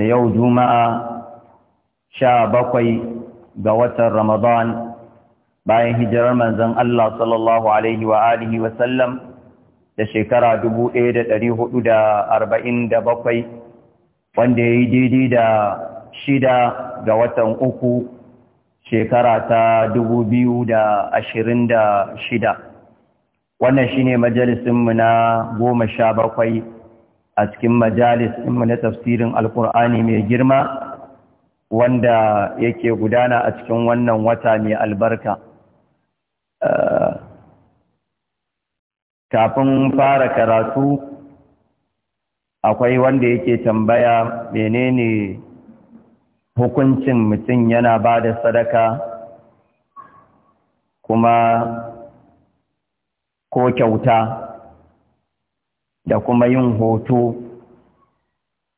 yau juma'a sha bakwai ga watan ramadan bayan hijirar manzon Allah sallallahu alaihi wa alihi wa sallam da shekara 1447 wanda ya yi daidai da shida ga watan uku shekara ta 2026 wannan shine majalisinmu na goma sha bakwai a cikin majalis mu na tafsirin alkur'ani mai girma wanda yake gudana a cikin wannan wata mai albarka eh, kafin fara karatu akwai wanda yake tambaya menene hukuncin mutum yana ba da sadaka kuma ko kyauta da kuma yin hoto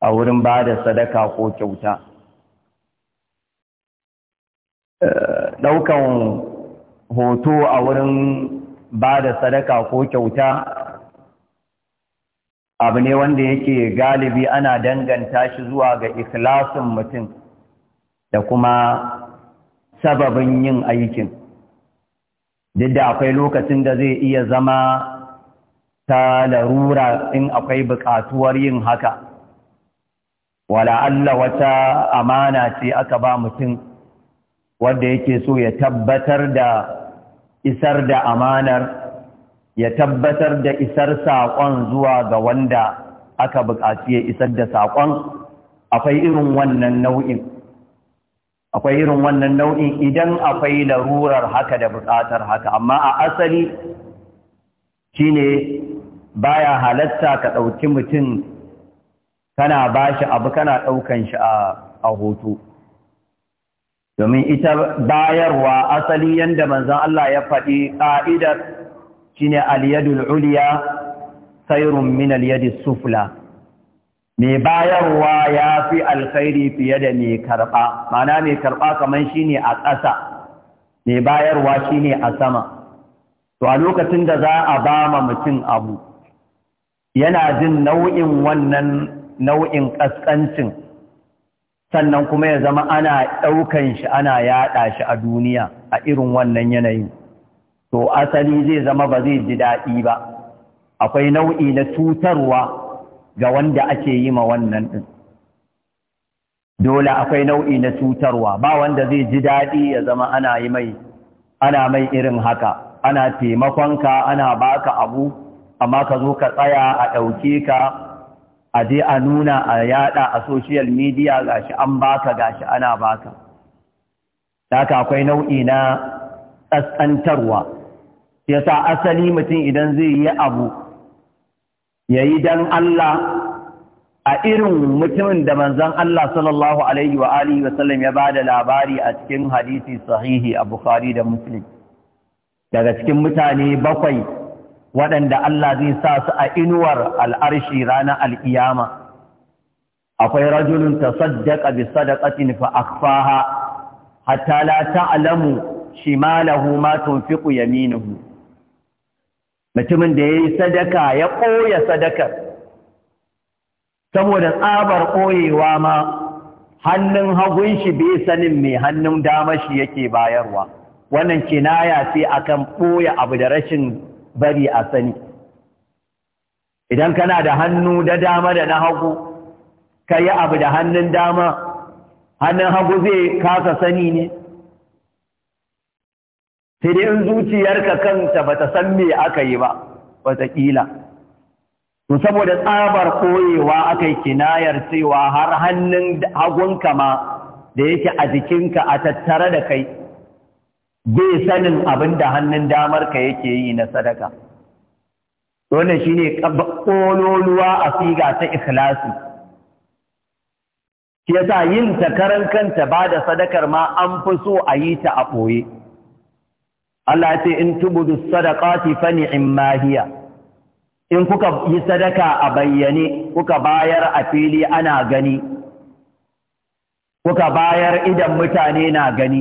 a wurin ba da sadaka ko kyauta ɗaukan hoto a wurin ba da sadaka ko kyauta abu ne wanda yake galibi ana danganta shi zuwa ga ikhlasin mutum da kuma sababin yin aikin duk da akwai lokacin da zai iya zama ta larura in akwai buƙatuwar yin haka wala Allah wata amana ce aka ba mutum wanda yake so ya tabbatar da isar da amanar ya tabbatar da isar saƙon zuwa ga wanda aka buƙaci ya isar da saƙon akwai irin wannan nau'in akwai irin wannan nau'in idan akwai larurar haka da buƙatar haka amma a asali shine baya halatta ka ɗauki mutum kana ba shi abu kana ɗaukan shi a hoto domin ita bayarwa asali yadda manzan Allah ya faɗi ƙa'idar shi ne aliyadul uliya sairun min aliyadis sufla mai bayarwa ya fi alkhairi fiye da mai karɓa mana mai karɓa kamar shi ne a ƙasa mai bayarwa shi ne a sama to a lokacin da za a ba ma mutum abu yana jin nau'in wannan nau'in ƙasƙancin sannan kuma ya zama ana ɗaukan shi ana yaɗa shi a duniya a irin wannan yanayin to asali zai zama ba zai ji daɗi ba akwai nau'i na cutarwa ga wanda ake yi ma wannan ɗin dole akwai nau'i na cutarwa ba wanda zai ji daɗi ya zama ana yi mai ana mai irin haka ana taimakonka ana baka abu amma ka zo ka tsaya a ɗauke ka a je a nuna a yada a social media gashi an baka gashi ana baka haka akwai nau'i na tsantsantarwa yasa asali mutum idan zai yi abu yayi dan Allah a irin mutumin da manzon Allah sallallahu alaihi wa alihi wa sallam ya bada labari a cikin hadisi sahihi a Bukhari da Muslim daga cikin mutane bakwai waɗanda Allah zai sa su a inuwar al'arshi ranar al'iyama akwai rajulun ta saddaka bi sadaqatin fa akhfaha hatta la shi shimalahu ma tunfiqu yaminuhu mutumin da yayi sadaka ya ƙoya sadakar saboda tsabar ƙoyewa ma hannun hagun shi bai sanin mai hannun dama shi yake bayarwa wannan kinaya sai akan ɓoye abu da rashin bari a sani idan kana da hannu da dama da na hagu ka yi abu da hannun dama hannun hagu zai kasa sani ne sai in zuciyarka kanta ba ta san me aka yi ba watakila. to saboda tsabar koyewa aka yi kinayar cewa har hannun hagunka ma da yake a jikinka a tattare da kai bai sanin abin da hannun damar ka yake yi na sadaka wannan shine ƙololuwa a siga ta ikhlasi Ke sa yin takarar kanta ba da sadakar ma an fi so a yi ta a ɓoye Allah ya ce in tubudu sadaqati fani in mahiya in kuka yi sadaka a bayyane kuka bayar a fili ana gani kuka bayar idan mutane na gani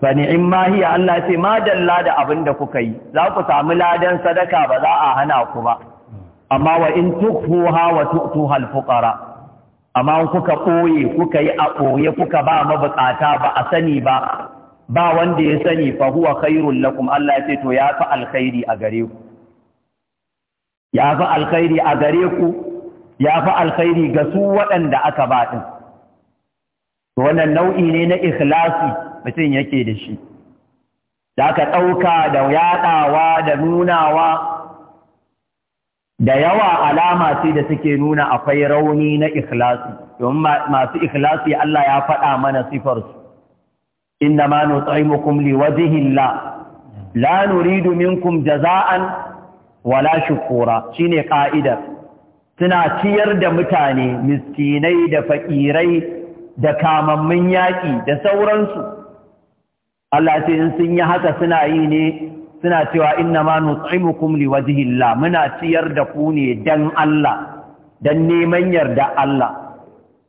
ba in ma Allah ce ma dalla da abin da kuka yi za ku samu ladan sadaka ba za a hana ku ba amma wa in tukhuha wa tu'tuha al-fuqara amma kuka boye kuka yi a boye kuka ba mabukata ba a sani ba ba wanda ya sani fa huwa khairul lakum Allah ce to ya fa alkhairi a gare ku ya fa alkhairi a gare ku ya fa alkhairi ga su waɗanda aka ba din to wannan nau'i ne na ikhlasi mutum yake da shi za ka ɗauka da yaɗawa da nunawa da yawa alama ce da suke nuna akwai rauni na ikhlasi domin masu ikhlasi Allah ya faɗa mana sifarsu inna ma nut'imukum liwajhillah la nuridu minkum jaza'an wala shukura shine ka'idar suna ciyar da mutane miskinai da fakirai da kamammin yaƙi da sauransu Allah ce in sun yi haka suna yi ne suna cewa inna ma nut'imukum liwajhillah muna ciyar da ku ne dan Allah dan neman yarda Allah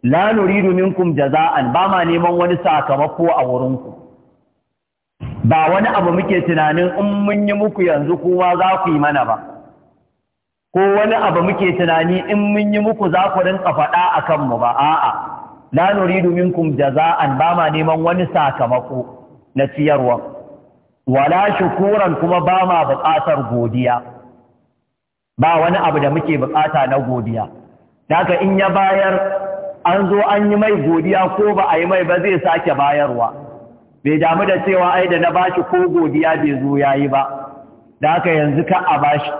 la nuridu minkum jaza'an ba ma neman wani sakamako a wurin ku ba wani abu muke tunanin in mun yi muku yanzu kowa za ku yi mana ba ko wani abu muke tunani in mun yi muku za ku rinka faɗa a kanmu ba a'a la nuridu minkum jaza'an ba ma neman wani sakamako na ciyarwa wala shukuran kuma ba ma buƙatar godiya ba wani abu da muke buƙata na godiya daga in ya bayar an zo an yi mai godiya ko ba a yi mai ba zai sake bayarwa bai damu da cewa ai da na bashi ko godiya bai zo yayi ba daga yanzu ka a bashi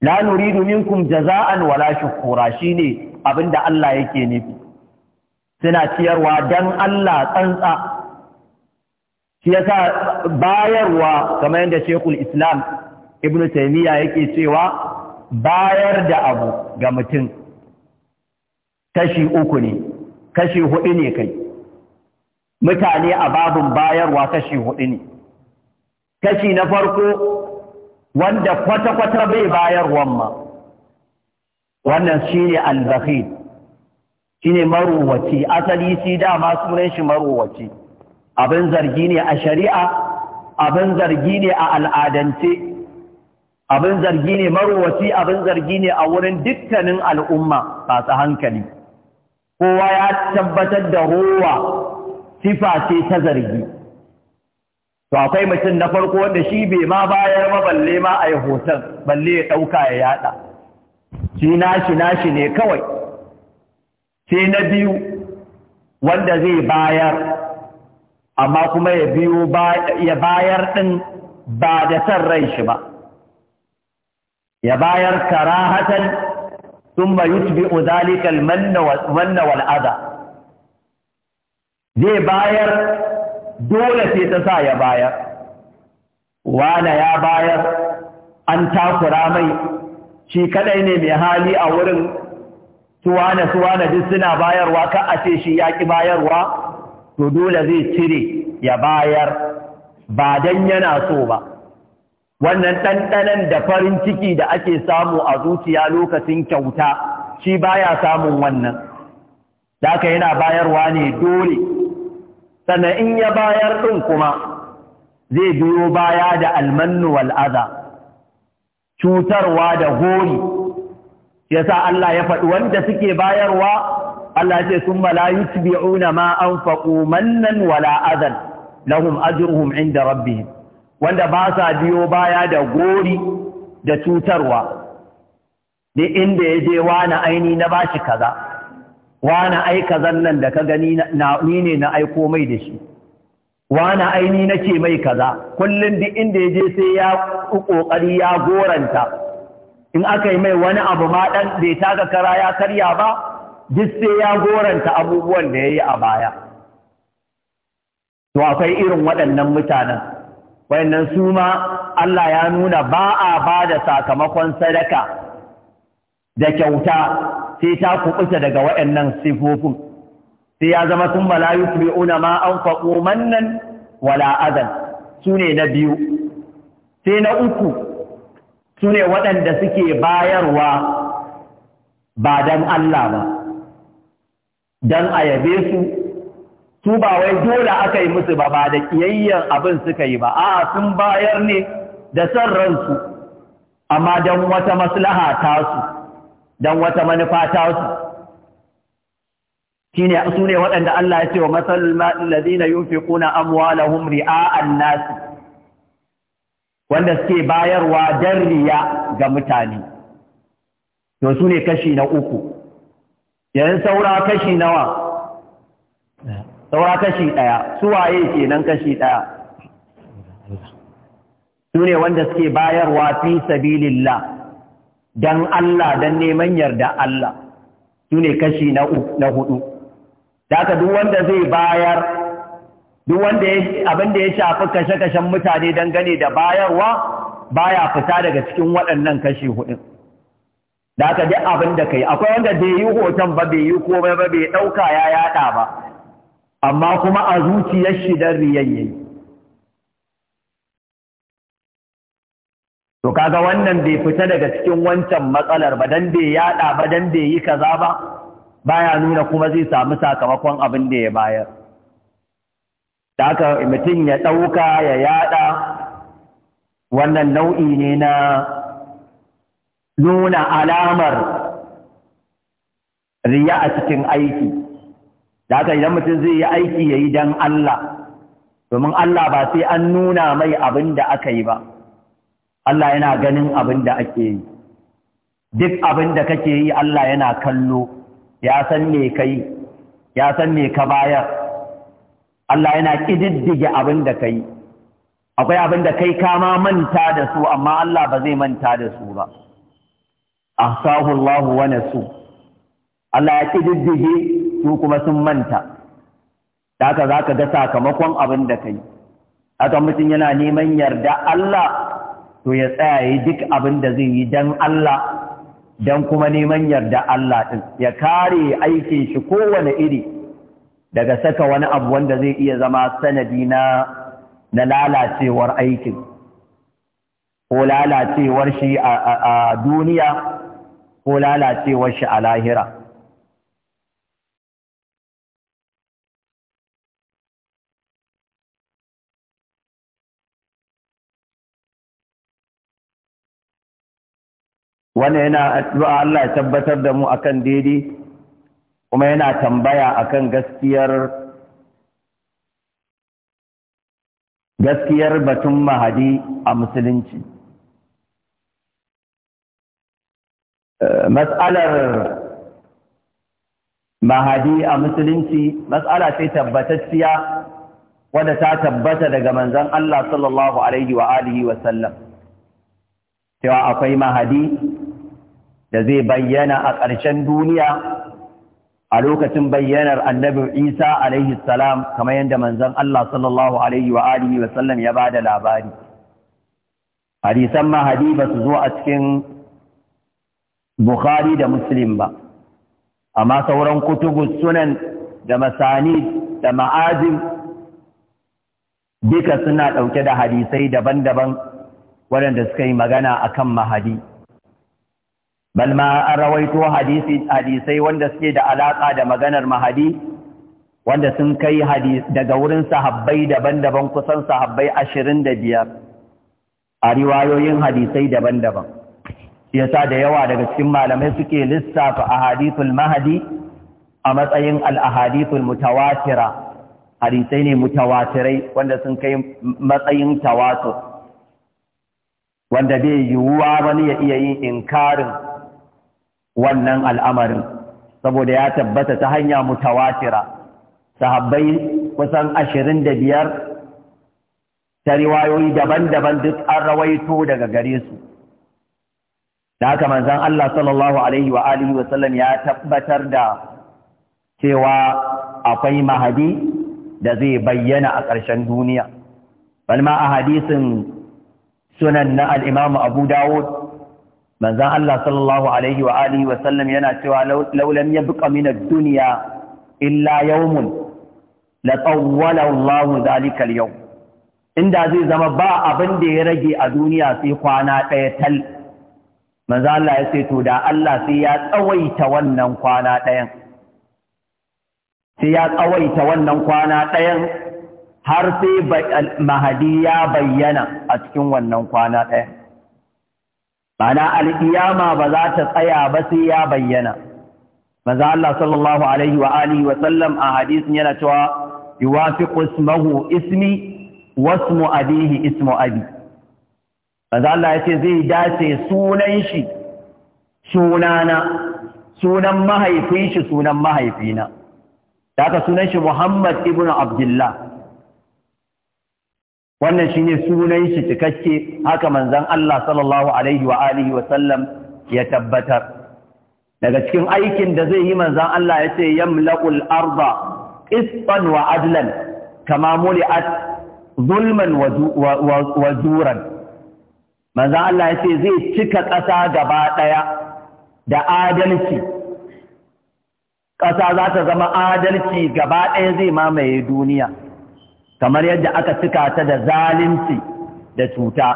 la nuridu minkum jaza'an wala shukura shine abinda Allah yake nufi suna ciyarwa dan Allah tsantsa shi yasa bayarwa kamar yadda shekul islam ibnu taimiyya yake cewa bayar da abu ga mutum kashi uku ne kashi hudu ne kai mutane a babin bayarwa kashi hudu ne kashi na farko wanda kwata-kwata bai bayarwan ma wannan shine al-bakhil shine maruwaci asali shi dama sunan shi maruwaci abin zargi ne a shari'a abin zargi ne a al'adance abin zargi ne marowaci abin zargi ne a wurin dukkanin al'umma masu hankali kowa ya tabbatar da ruwa sifa ce ta zargi to akwai mutum na farko wanda shi bai ma bayar ma balle ma a yi hoton balle ya ɗauka ya yada shi nashi nashi ne kawai sai na biyu wanda zai bayar amma kuma ya biyo ya bayar ɗin ba da san rai shi ba ya bayar karahatan sun ma yutbi uzalikal manna wal'ada zai bayar dole sai ta sa ya bayar wane ya bayar an takura mai shi kadai ne mai hali a wurin suwane suwane duk suna bayarwa ka a ce shi yaƙi bayarwa to dole zai cire ya bayar ba don yana so ba wannan ɗanɗanan da farin ciki da ake samu a zuciya lokacin kyauta shi baya samun wannan da yana bayarwa ne dole sannan in ya bayar ɗin kuma zai biyo baya da almannu wal'aza cutarwa da gori ya sa Allah ya faɗi wanda suke bayarwa Allah ce sun mala una ma anfaqu mannan wala adan lahum ajruhum inda rabbihim wanda ba sa biyo baya da gori da cutarwa da inda ya je wani aini na bashi kaza wani ai kazan nan da ka gani na ni ne na aiko mai da shi wani aini nake mai kaza kullum duk inda ya je sai ya kokari ya goranta in aka yi mai wani abu ma dan bai taka kara ya karya ba duk sai ya goranta abubuwan da ya yi a baya to akwai irin waɗannan mutanen waɗannan su ma Allah ya nuna ba a ba da sakamakon sadaka da kyauta sai ta kuɓuta daga waɗannan sifofin sai ya zama sun malayu tubi'una ma an faƙo mannan wala azan su ne na biyu sai na uku su ne waɗanda suke bayarwa ba don Allah ba don a yabe su su ba wai dole aka yi musu ba ba da kiyayyan abin suka yi ba a sun bayar ne da san ransu amma don wata maslaha su, don wata manufa su, shine su ne waɗanda Allah ya ce wa masalul ma'il ladina yunfiquna amwalahum an nas wanda suke bayarwa dan riya ga mutane to su ne kashi na uku yanzu saura kashi nawa saura kashi ɗaya suwaye kenan kashi ɗaya su ne wanda suke bayarwa fi sabilillah don Allah don neman yarda Allah su ne kashi na hudu daga duk wanda zai bayar duk wanda abinda ya shafi kashe-kashen mutane gane da bayarwa baya fita daga cikin waɗannan kashi hudun da aka duk abin da kai akwai wanda bai yi hoton ba bai yi komai ba bai ɗauka ya yaɗa ba amma kuma a zuciyar shi don riyayye to kaga wannan bai fita daga cikin wancan matsalar ba dan bai yaɗa ba dan bai yi kaza ba baya nuna kuma zai samu sakamakon abin da ya bayar da aka mutum ya ɗauka ya yada. wannan nau'i ne na nuna alamar riya a cikin aiki da haka idan mutum zai yi aiki ya yi don Allah domin Allah ba sai an nuna mai abin da aka yi ba Allah yana ganin abin da ake yi duk abin da kake yi Allah yana kallo ya san me kai ya san me ka bayar Allah yana kididdige abin da kai akwai abin da kai kama manta da su amma Allah ba zai manta da su ba ahsahu Allah wa nasu Allah ya kididdige su kuma sun manta haka zaka ga sakamakon abin da kai haka mutum yana neman yarda Allah to ya tsaya yi duk abin da zai yi dan Allah dan kuma neman yarda Allah din ya kare aikin shi kowane iri daga saka wani abu wanda zai iya zama sanadi na na lalacewar aikin ko lalacewar shi a duniya ko lalacewar shi a lahira wannan yana addu'a Allah ya tabbatar da mu akan daidai kuma yana tambaya akan gaskiyar gaskiyar batun mahadi a musulunci matsalar mahadi a musulunci matsala ce tabbatacciya wadda ta tabbata daga manzan Allah sallallahu alaihi wa alihi wa cewa akwai mahadi da zai bayyana a ƙarshen duniya a lokacin bayyanar Annabi Isa alaihi salam kamar yadda manzan Allah sallallahu alaihi wa alihi labari hadisan mahadi ba su zo a cikin Bukhari da Muslim ba, amma sauran kutubu sunan da masani da ma'ajin duka suna ɗauke da hadisai daban-daban waɗanda suka yi magana a kan mahadi. Bal ma an rawaito hadisai wanda suke da alaƙa da maganar mahadi, wanda sun kai daga wurin sahabbai daban-daban kusan sahabbai ashirin da biyar a riwayoyin hadisai daban-daban. yasa da yawa daga cikin malamai suke lissafa ahadithul mahadi a matsayin al-ahadithul mutawatira hadisai ne mutawatirai wanda sun kai matsayin tawatur wanda bai yiwuwa wani ya iya yin inkarin wannan al'amarin saboda ya tabbata ta hanya mutawatira sahabbai kusan ashirin da biyar ta riwayoyi daban-daban duk an rawaito daga gare su da haka manzon Allah sallallahu alaihi wa alihi ya tabbatar da cewa akwai mahadi da zai bayyana a ƙarshen duniya balma a hadisin sunan na Alimamu Abu Dawud manzan Allah sallallahu Alaihi wa alihi wasallam yana cewa laulam ya buƙa minar duniya illa yawmun la tsawwala zalikal yau inda zai zama ba abin da ya rage a duniya sai kwana ɗaya tal manzo Allah ya ce to da Allah sai ya tsawaita wannan kwana ɗayan sai ya tsawaita wannan kwana ɗayan har sai mahadi ya bayyana a cikin wannan kwana ɗaya Bana alƙiyama ba za ta tsaya ba sai ya bayyana. Maza Allah sallallahu Alaihi wa Alihi wa sallam a hadisin yana cewa, Iwafi ismahu ismi, wasmu abihi ismu abi. manzo Allah ya ce zai dace sunan shi sunana sunan mahaifin shi sunan mahaifina daga sunan shi Muhammad ibn Abdullah wannan shine sunan shi cikakke haka manzan Allah sallallahu alaihi wa alihi wa sallam ya tabbatar daga cikin aikin da zai yi manzan Allah ya ce yamlaqul arda wa adlan kama muli'at zulman wa zuran manzan Allah ya ce zai cika ƙasa gaba ɗaya da adalci ƙasa za ta zama adalci gaba ɗaya zai mamaye duniya kamar yadda aka cika ta da zalunci da cuta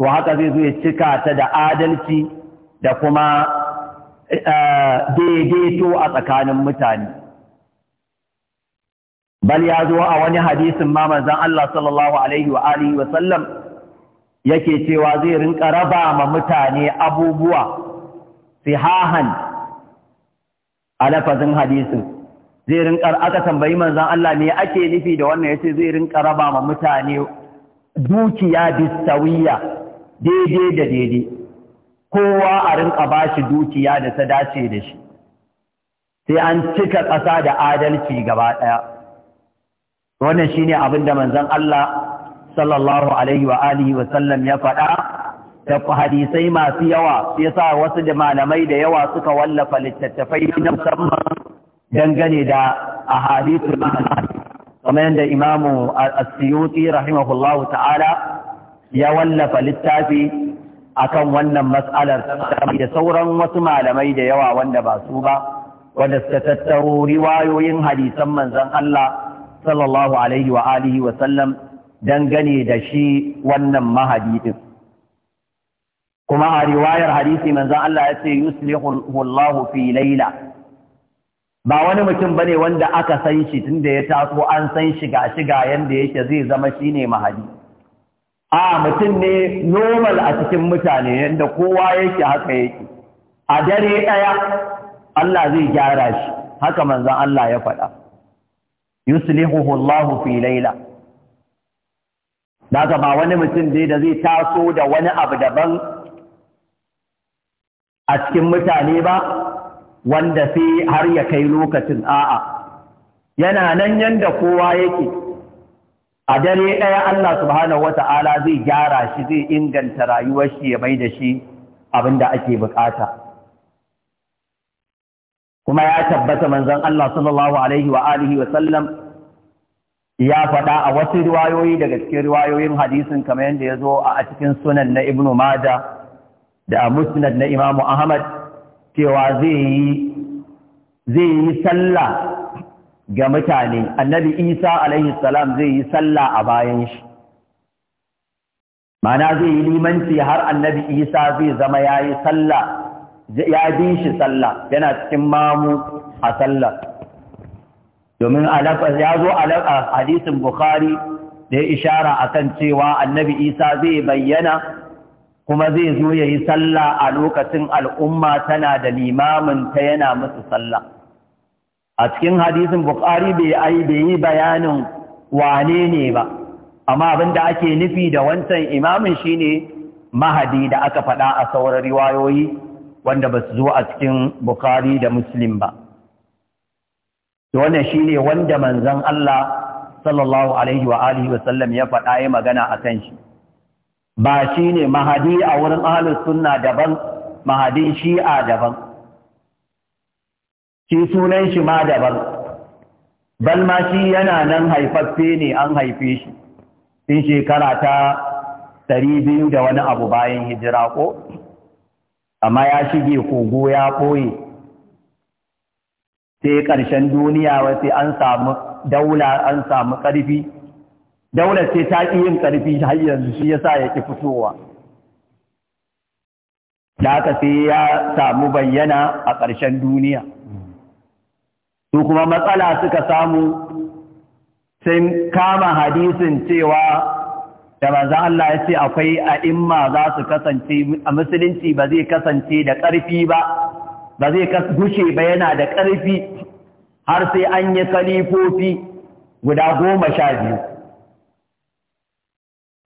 to haka zai zo ya cika ta da adalci da kuma eh, daidaito a tsakanin mutane bal ya zo a wani hadisin ma manzan Allah sallallahu alaihi wa alihi wa sallam yake cewa zai rinka raba ma mutane abubuwa sihahan a lafazin hadisin zai rinka aka tambayi manzan Allah me ake nufi da wannan yace zai rinka raba ma mutane dukiya bisawiya daidai da daidai kowa a rinka bashi dukiya da ta dace da shi sai an cika ƙasa da adalci gaba ɗaya wannan shine abinda da manzon Allah sallallahu alaihi wa alihi wa sallam ya faɗa da hadisai masu yawa yasa wasu da malamai da yawa suka wallafa littattafai na musamman dangane da ahadithul da kamar yadda imamu as-suyuti rahimahullahu ta'ala ya wallafa littafi akan wannan mas'alar da sauran wasu malamai da yawa wanda ba su ba wanda suka tattaro riwayoyin hadisan manzon Allah sallallahu alaihi wa alihi wa sallam dangane da shi wannan mahadi din kuma a riwayar hadisi manzon Allah ya ce yuslihu Allahu fi layla ba wani mutum bane wanda aka san shi tunda ya taso an san shi ga shi ga yanda yake zai zama shine mahadi a mutum ne normal a cikin mutane yanda kowa yake haka yake a dare daya Allah zai gyara shi haka manzon Allah ya faɗa yuslihu Allahu fi layla da ba wani mutum dai da zai taso da wani abu daban a cikin mutane ba wanda sai har ya kai lokacin a'a yana nan yanda kowa yake a dare ɗaya Allah subhanahu wata'ala zai gyara shi zai inganta rayuwar shi ya maida da shi abinda ake bukata kuma ya tabbata manzon Allah sallallahu alaihi wa alihi wa sallam ya faɗa a wasu riwayoyi daga cikin riwayoyin hadisin kamar yadda ya zo a cikin sunan na ibnu mada da musnad na imamu ahmad cewa zai yi zai sallah ga mutane annabi isa alaihi salam zai yi sallah a bayan shi mana zai yi limanci har annabi isa zai zama ya yi ya bi shi sallah yana cikin mamu a sallah domin ya zo a hadisin bukhari da ya ishara kan cewa annabi isa zai bayyana kuma zai zo ya yi sallah a lokacin al'umma tana da limamin ta yana musu sallah a cikin hadisin bukhari bai yi bayanin wane ne ba amma abin da ake nufi da wancan imamin shi ne mahadi da aka faɗa a sauran riwayoyi wanda ba su zo a cikin bukhari da muslim ba to wannan shine wanda manzon Allah sallallahu alaihi wa alihi wa sallam ya faɗa yi magana akan shi ba shine mahadi a wurin ahlus sunna daban mahadin shi'a daban shi sunan shi ma daban bal ma shi yana nan haifaffe ne an haife shi tun shekara ta ɗari biyu da wani abu bayan hijira ko amma ya shige kogo ya ɓoye sai ƙarshen duniya wasu an samu daula an samu ƙarfi daula sai ta ƙi yin ƙarfi har yanzu shi yasa ya ƙi fitowa da aka sai ya samu bayyana a ƙarshen duniya su kuma matsala suka samu sun kama hadisin cewa da manzan Allah ya ce akwai a'imma za su kasance a musulunci ba zai kasance da ƙarfi ba ba zai gushe ba yana da ƙarfi har sai an yi kalifofi guda goma sha biyu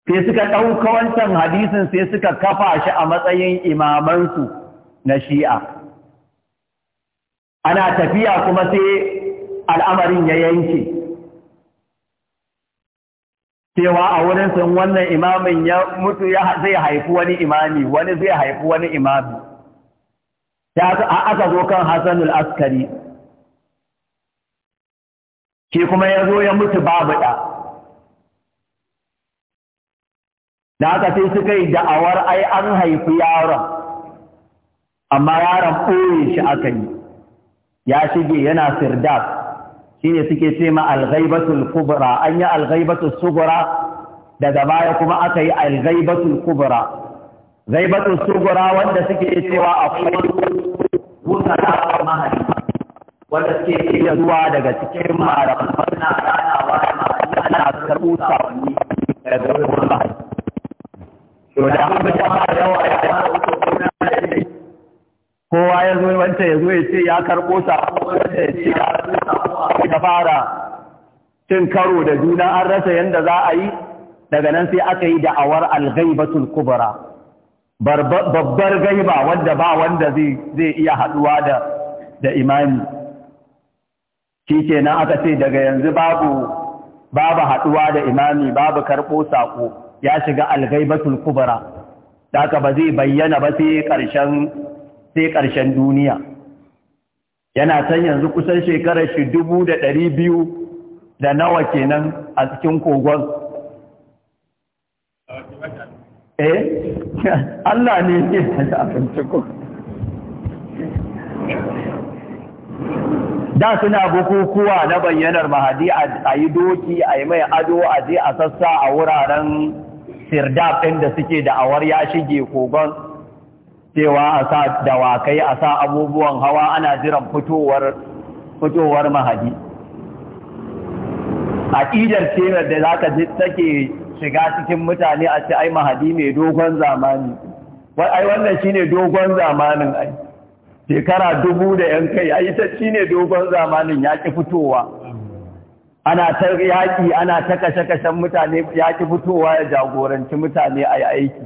sai suka ɗauka wancan hadisin sai suka kafa shi a matsayin imamansu na shi'a ana tafiya kuma sai al'amarin ya yanke cewa a wurin sun wannan imamin ya mutu zai haifi wani imami wani zai haifi wani imami aka zo kan Hassan askari ke kuma ya zo ya mutu babu ɗa da aka sai suka yi da'awar ai an haifi yaron amma yaron ɓoye shi aka yi ya shige yana firdas shi ne suke ce ma alghaibatul kubra an yi alghaibatul sugura daga baya kuma aka yi alghaibatul kubra ghaibatul sugura wanda suke cewa akwai rubuta da aka mahari wanda suke iya zuwa daga cikin malaman suna ranawa da mahari ana karɓo sawanni daga wurin mahari. To da an fi jama da yawa ya fara wuce kuna da kowa ya zo wanda ya zo ya ce ya karɓo sako wanda ya ce ya karɓo sako a ta fara cin karo da juna an rasa yadda za a yi daga nan sai aka yi da'awar alghaibatul kubra babbar gaiba wanda ba wanda zai iya haduwa da da imani na aka ce daga yanzu babu babu haduwa da imami babu karbo sako ya shiga al-ghaibatul kubra haka ba zai bayyana ba sai karshen sai karshen duniya yana san yanzu kusan shekarar shi dubu da ɗari biyu da nawa kenan a cikin kogon eh Allah ne ya hada ko da suna bukukuwa na bayyanar mahadi a yi doki a yi mai ado a je a sassa a wuraren sirdafin da suke da awar ya shige kogon cewa a sa dawakai a sa abubuwan hawa ana jiran fitowar mahadi a ƙidar da za ka take shiga cikin mutane a ce ai mahadi ne dogon zamani ai wannan shine dogon zamanin ai shekara dubu da yan kai ai ta shine dogon zamanin ya ki fitowa ana ta yaki, ana ta kashe-kashen mutane ya ki fitowa ya jagoranci mutane ai aiki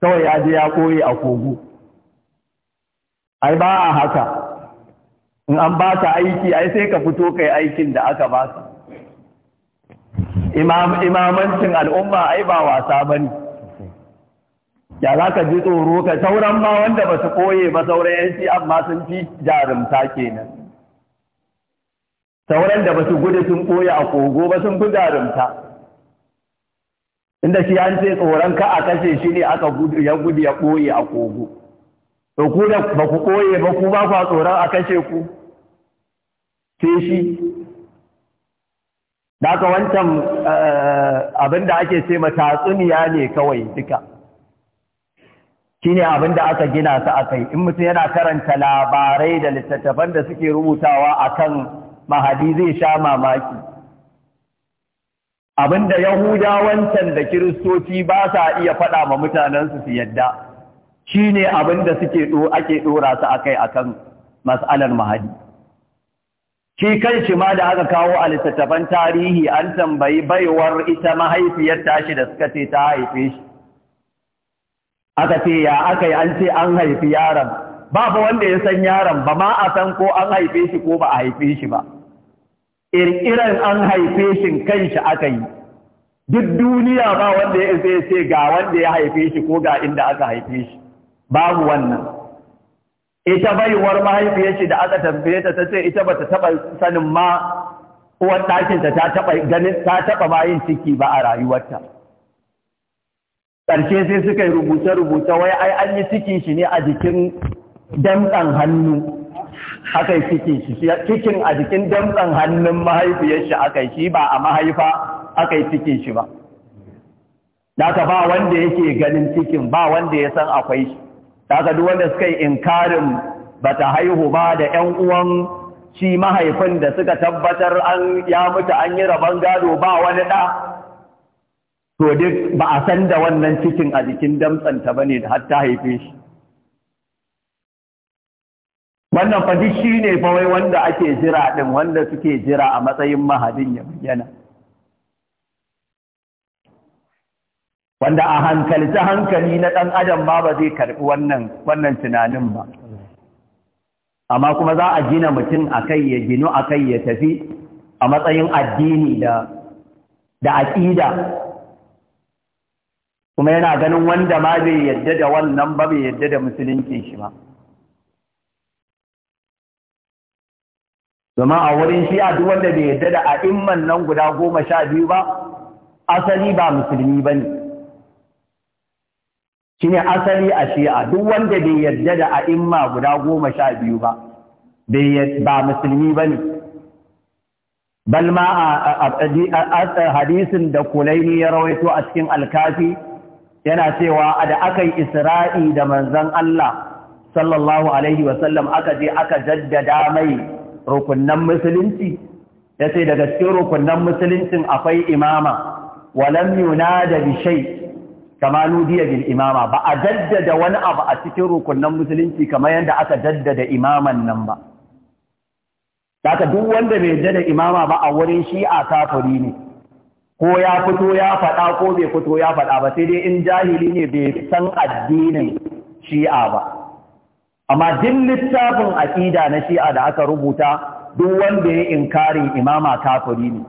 kawai ya je ya koyi a kogo ai ba a haka in an ba ka aiki ai sai ka fito kai aikin da aka ba ka imamancin al'umma ai ba wasa ba ne ya za ka ji tsoro ka sauran ma wanda ba su koye ba sauran yanci amma sun fi jarumta kenan sauran da ba su gudu sun koye a kogo ba sun fi jarumta inda shi an ce tsoron ka a kashe shi ne aka gudu ya gudu ya koye a kogo to ku da ba ku koye ba ku ba ku tsoron a kashe ku sai shi Daka wancan eh, eh, abin da ake ce tatsuniya ne kawai duka. Shi ne abin da aka gina su a kai, in mutum yana karanta labarai da littattafan da suke rubutawa a kan mahadi zai sha mamaki. Abin da Yahudawancan da Kiristoci ba sa iya faɗa ma mutanensu su yadda, shi ne abin da ake ɗora su a kai a kan mas'alar mahadi. shi kanshi ma da aka kawo a littattafan tarihi an tambayi baiwar ita mahaifiyar tashi da suka ce ta haife shi aka ce ya aka yi an ce an haifi yaron babu wanda ya san yaron ba ma a san ko an haife shi ko ba a haife shi ba Irin an haife shi kanshi aka yi duk duniya ba wanda ya ce ga wanda ya haife shi ko ga inda aka haife shi babu wannan ita baiwar mahaifiyar shi da aka tambaye ta ce ita bata taba sanin ma uwar ɗakin ta ta taba ganin ta taba ma ciki ba a rayuwarta ƙarshe sai suka yi rubuce wai ai an yi cikin shi ne a jikin damtsan hannu aka yi cikin shi cikin a jikin damtsan hannun mahaifiyar shi aka shi ba a mahaifa aka yi cikin shi ba da ka ba wanda yake ganin cikin ba wanda ya san akwai shi kaga duk wanda suka yi inkarin bata haihu ba da ƴan uwan shi mahaifin da suka tabbatar an ya mutu an yi rabon gado ba wani ɗa to duk ba a san da wannan cikin a jikin damtsanta ba ne har ta haife shi wannan fa duk shi ne fa wai wanda ake jira din wanda suke jira a matsayin mahadin ya bayyana wanda a hankalci hankali na ɗan adam ma ba zai karɓi wannan tunanin ba amma kuma za a gina mutum a kai ya ginu a kai ya tafi a matsayin addini da aƙida kuma yana ganin wanda ma bai yadda da wannan ba bai yadda da musulunci shi ba domin a wurin shi a duk wanda bai yadda da a'imman nan guda goma sha biyu ba asali ba musulmi ba ne shine asali a shi'a duk wanda bai yarda da a'imma guda goma sha biyu ba ba musulmi ba ne bal ma a hadisin da kulaini ya rawaito a cikin alkafi yana cewa da aka yi isra'i da manzan Allah sallallahu alaihi wasallam aka je aka jaddada mai rukunnan musulunci ya ce daga cikin rukunnan musuluncin akwai imama walam yunada da shay' kama nudiya bil imama ba a jaddada wani abu a cikin rukunan musulunci kamar yadda aka jaddada imaman nan ba Daka duk wanda bai jaddada imama ba a wurin shi'a kafiri ne ko ya fito ya faɗa ko bai fito ya faɗa ba sai dai in jahili ne bai san addinin shi'a ba amma duk littafin aƙida na shi'a da aka rubuta duk wanda ya inkarin imama kafiri ne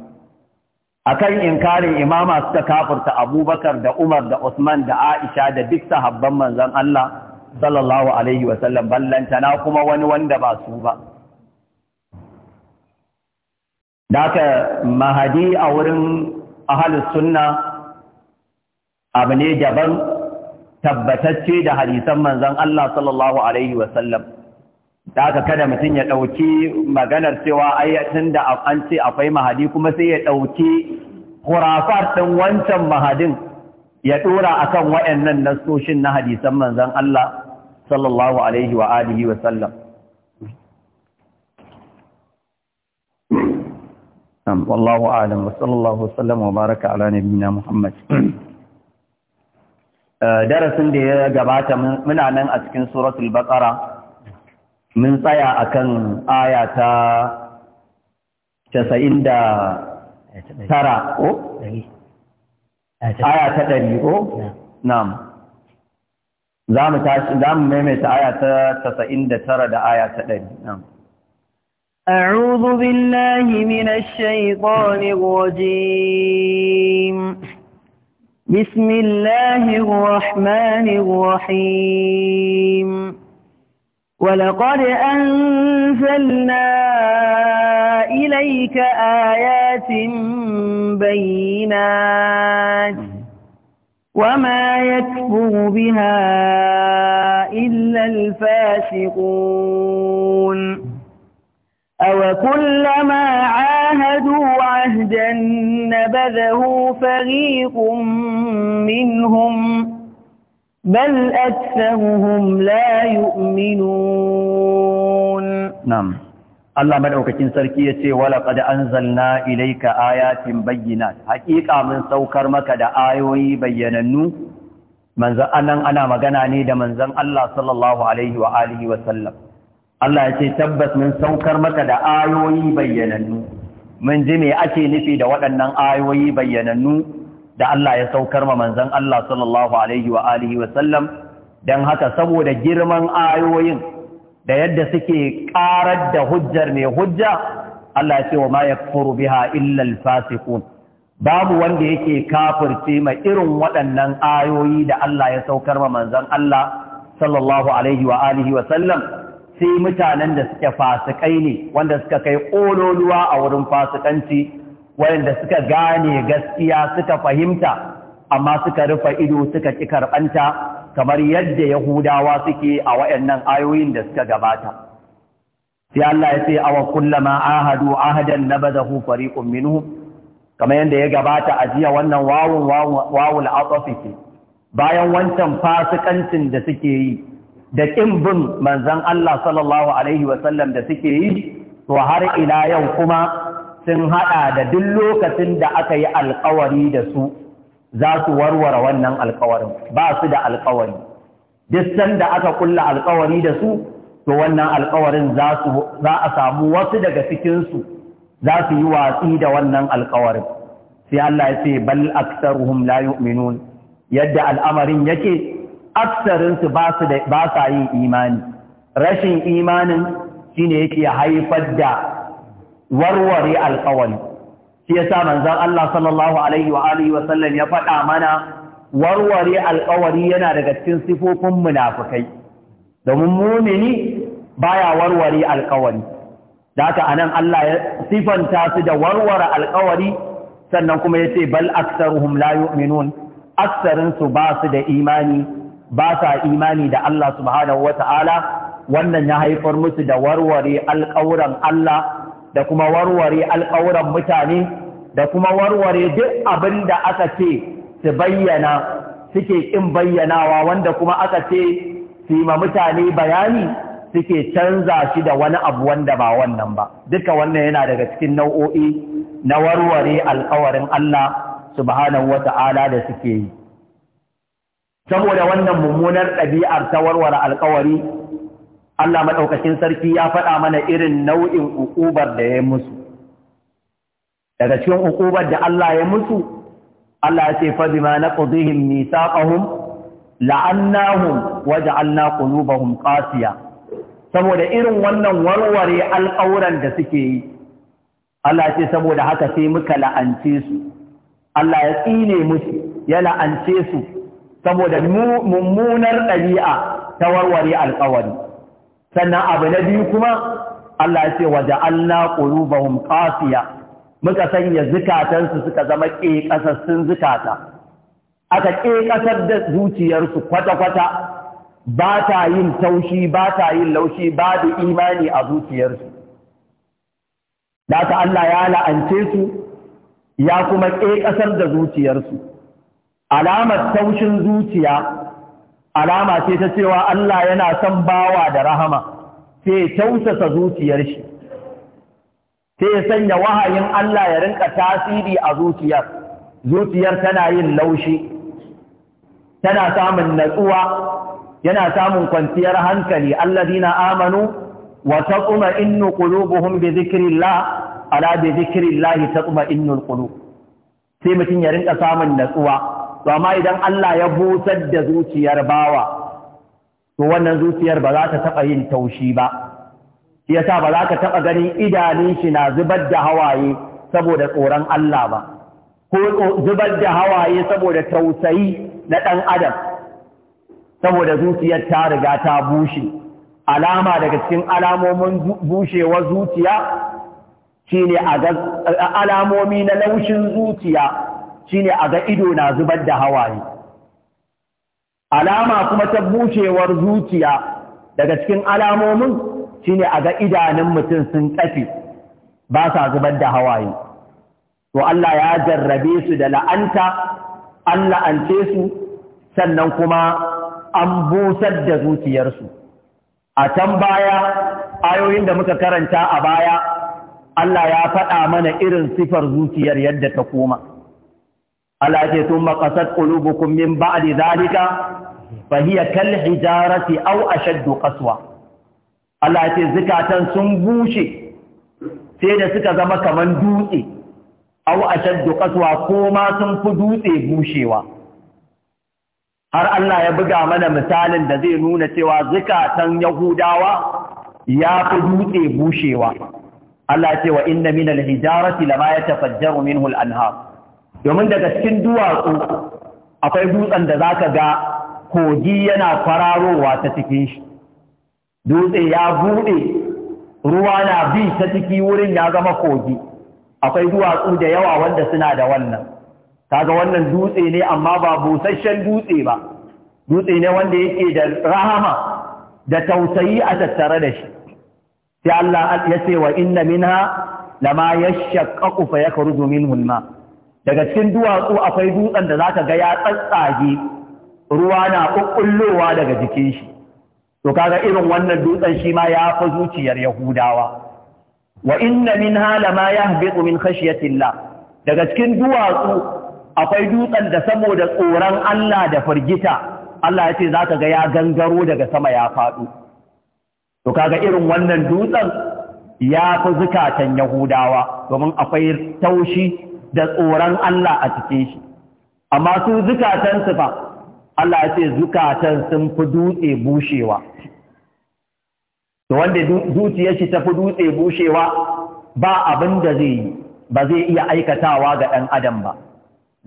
akan inkarin imama suka kafirta abubakar da umar da usman da aisha da duk sahabban manzon Allah sallallahu alaihi wasallam kuma wani wanda ba su ba daka mahadi a wurin ahalus sunna abu ne daban tabbatacce da hadisan manzon Allah sallallahu alaihi da aka kada mutum ya ɗauki maganar cewa ayyacin da an ce akwai mahadi kuma sai ya ɗauki kurafar ɗin wancan mahadin ya ɗora a kan waɗannan nasoshin na hadisan manzan Allah sallallahu Alaihi wa alihi wa sallam. Wallahu alam wa sallallahu wasallam wa baraka ala nabina Muhammad. Eh, darasin da ya gabata muna nan a cikin suratul baqara mun tsaya a aya ta 99 ko aya ta 100 za mu tashi maimaita aya ta 99 da aya ta 100 na'am أعوذ بالله من الشيطان الرجيم بسم الله الرحمن الرحيم ولقد أنزلنا إليك آيات بينات وما يكفر بها إلا الفاسقون أو كلما عاهدوا عهدا نبذه فريق منهم بل أكثرهم لا يؤمنون نعم Allah madaukakin sarki yace wala qad anzalna ilaika, ayatin bayyinat haqiqa mun saukar maka da ayoyi bayyanannu manzon anan ana magana ne da manzon Allah sallallahu alaihi wa alihi Allah yace tabbas mun saukar maka da ayoyi bayyanannu mun ji me ake nufi da waɗannan ayoyi bayyanannu da Allah ya saukar ma manzon Allah sallallahu alaihi wa alihi wa sallam dan haka saboda girman ayoyin da yadda suke ƙarar da hujjar mai hujja Allah ya ce wa ma furu biha illa al babu wanda yake kafirce ma irin waɗannan ayoyi da Allah ya saukar ma manzon Allah sallallahu alaihi wa alihi wa sai mutanen da suke fasikai ne wanda suka kai ƙololuwa a wurin fasikanci wayanda suka gane gaskiya suka fahimta amma suka rufe ido suka ƙi karɓanta kamar yadda Yahudawa suke a wayannan ayoyin da suka gabata. Sai Allah ya ce, Awa kullama ahadu ahadan na fariqun minhu, kamar yadda ya gabata a jiya wannan wawun wawul atsafi ce, bayan wancan fasikancin da suke yi, da ƙimbin bin manzan Allah sallallahu Alaihi sallam da suke yi, to har ila yau kuma sun haɗa da duk lokacin da aka yi alkawari da su za su warware wannan alkawarin ba su da alkawari duk sanda aka kulla alkawari da su to wannan alkawarin za a samu wasu daga cikinsu za su yi watsi da wannan alkawarin sai Allah ya ce bal aksaruhum la yu'minun yadda al'amarin yake aksarinsu ba su ba sa yin imani rashin imanin shine yake haifar da warware alƙawari shi yasa manzon Allah sallallahu alaihi wa alihi wa sallam ya faɗa mana warware alƙawari yana daga cikin sifofin munafikai domin mumini baya warware alƙawari da haka anan Allah ya sifanta su da warware alƙawari sannan kuma yace bal aktsaruhum la yu'minun aksarin su ba su da imani ba sa imani da Allah subhanahu wata'ala wannan ya haifar musu da warware alƙawuran Allah da kuma warware alƙawuran mutane da kuma warware duk abin da aka ce su bayyana suke ƙin bayyanawa wanda kuma aka ce su yi ma mutane bayani suke canza shi da wani abu wanda ba wannan ba duka wannan yana daga cikin nau'o'i na warware alƙawarin Allah subhanahu wata'ala da suke yi saboda wannan mummunar ɗabi'ar ta warware alƙawari Allah maɗaukacin sarki ya faɗa mana irin nau'in uƙubar da ya musu. Daga cikin uƙubar da Allah ya musu, Allah ya ce, Fabi ma na ƙudihin nisaƙahun, la'annahun waje Allah ƙulubahun ƙasiya. Saboda irin wannan warware alƙawuran da suke yi, Allah ce saboda haka sai muka la'ance su, Allah ya tsine musu, ya la'ance su, saboda mummunar ɗabi'a ta warware alƙawari. sannan abu na biyu kuma Allah ya ce waje ja'alna qulubahum ƙafiya muka sanya zukatansu suka zama ƙeƙasassun zukata aka ƙe ƙasar da zuciyarsu kwata-kwata ba ta yin taushi ba ta yin laushi ba da imani a zuciyarsu da ta Allah ya la'ance su ya kuma ƙeƙasar da zuciyarsu alamar taushin zuciya alama ce ta cewa Allah yana son bawa da rahama ke ya tausasa zuciyar shi Ke ya sanya wahayin Allah ya rinka tasiri a zuciyar zuciyar tana yin laushi tana samun natsuwa yana samun kwanciyar hankali alladina amanu wa taquma innu qulubuhum bi dhikrillah ala bi dhikrillah taquma innul qulub sai mutun ya rinka samun natsuwa to amma idan Allah ya busar da zuciyar bawa to wannan zuciyar ba za ta taba yin taushi ba shi yasa ba za ka taɓa ganin idanun shi na zubar da hawaye saboda tsoron Allah ba ko zubar da hawaye saboda tausayi na ɗan adam saboda zuciyar ta riga ta bushe alama daga cikin alamomin bushewar zuciya shine alamomi na laushin zuciya shine a ga ido na zubar da hawaye alama kuma ta bushewar zuciya daga cikin alamomin shine a ga idanun mutum sun kafe ba sa zubar da hawaye to Allah ya jarrabe su da la'anta an la'ance su sannan kuma an busar da zuciyarsu a can baya ayoyin da muka karanta a baya Allah ya faɗa mana irin sifar zuciyar yadda ta koma Allah ce sun makasar ƙulubukun min ba'adi zalika fahiyar kalli jarati au a shaddu kasuwa. Allah ce zukatan sun bushe sai da suka zama kaman dutse au a shaddu kasuwa ko ma sun fi dutse bushewa. Har Allah ya buga mana misalin da zai nuna cewa zukatan Yahudawa ya fi dutse bushewa. Allah ce wa inna min al-hijarati lama yatafajjaru minhu al-anhar domin daga cikin duwatsu akwai dutsen da za ka ga kogi yana kwararowa ta cikin shi dutse ya buɗe ruwa na bi ta ciki wurin ya zama kogi akwai duwatsu da yawa wanda suna da wannan kaga wannan dutse ne amma ba busasshen dutse ba dutse ne wanda yake da rahama da tausayi a tattare da shi sai Allah ya ce wa inna minha lama yashaqqa fa yakhruju minhu al-ma' daga cikin duwatsu akwai dutsen da zaka ga ya tsatsage ruwa na ƙuƙullowa daga jikin shi to kaga irin wannan dutsen shi ma ya fa zuciyar yahudawa wa inna minha lama yahbitu min khashyatillah daga cikin duwatsu akwai dutsen da saboda tsoron Allah da firgita Allah ya ce zaka ga ya gangaro daga sama ya faɗo to kaga irin wannan dutsen ya fi zukatan yahudawa domin akwai taushi da tsoron Allah a cikin shi amma su zukatan su fa Allah ya ce zukatan sun fi dutse bushewa Da wanda zuciyar shi ta fi dutse bushewa ba abin da zai yi ba zai iya aikatawa ga ɗan adam ba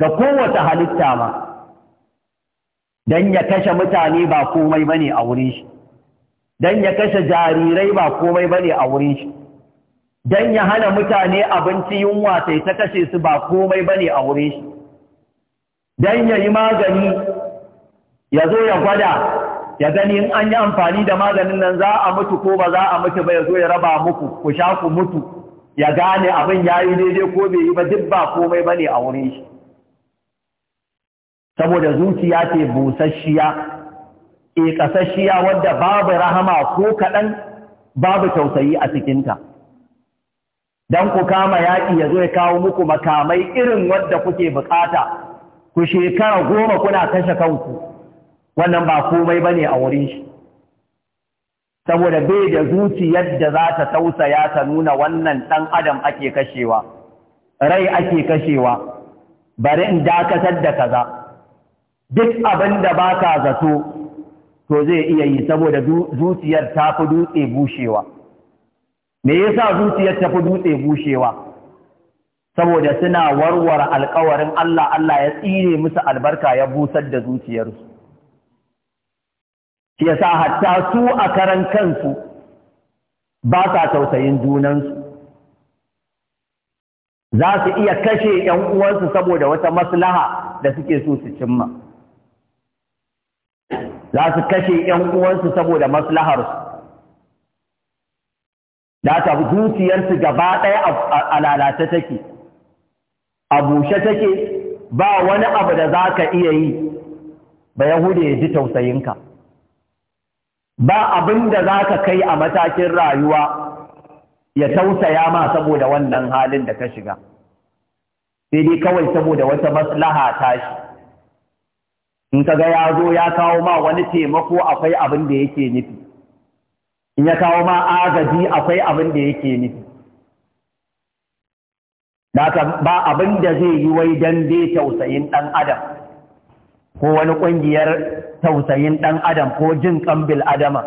ga kowace halitta ma don ya kashe mutane ba komai bane a wurin shi don ya kashe jarirai ba komai bane a wurin shi don ya hana mutane abinci yunwa sai ta kashe su ba komai ba ne a wuri shi don ya yi magani ya zo ya gwada ya gani in an yi amfani da maganin nan za a mutu ko ba za a mutu ba ya zo ya raba muku ku sha ku mutu ya gane abin ya yi daidai ko bai yi ba duk ba komai ba ne a wurin shi saboda zuciya ce busasshiya e eh, ƙasasshiya wadda babu rahama ko kaɗan babu tausayi a cikinta don ku kama yaƙi ya zo ya kawo muku makamai irin wadda kuke bukata ku shekara goma kuna kashe kanku wannan ba komai ba ne a wurin shi saboda bai da zuciyar da za ta tausaya ta nuna wannan ɗan adam ake kashewa rai ake kashewa bari in dakatar da kaza duk abin da ba zato to zai iya yi saboda zuciyar ta fi dutse bushewa me ya sa zuciyar ta fi dutse bushewa saboda suna warware alkawarin Allah Allah ya tsire musu albarka ya busar da zuciyarsu shi yasa hatta su a karan kansu ba sa tausayin junansu za su iya kashe ‘yan uwansu saboda wata maslaha da suke so su cimma za su kashe ‘yan uwansu saboda maslaharsu da haka zuciyarsu gaba ɗaya a lalata take a bushe take ba wani abu da za ka iya yi ba yahuda ya ji tausayinka ba abin da za ka kai a matakin rayuwa ya tausaya ma saboda wannan halin da ka shiga sai dai kawai saboda wata maslaha tashi in ka ga ya zo ya kawo ma wani taimako akwai abin da yake nufi in ya kawo ma agaji akwai abin da yake nufi ba abin da zai yi wai dan dai tausayin ɗan adam ko wani ƙungiyar tausayin ɗan adam ko jin ƙambil adama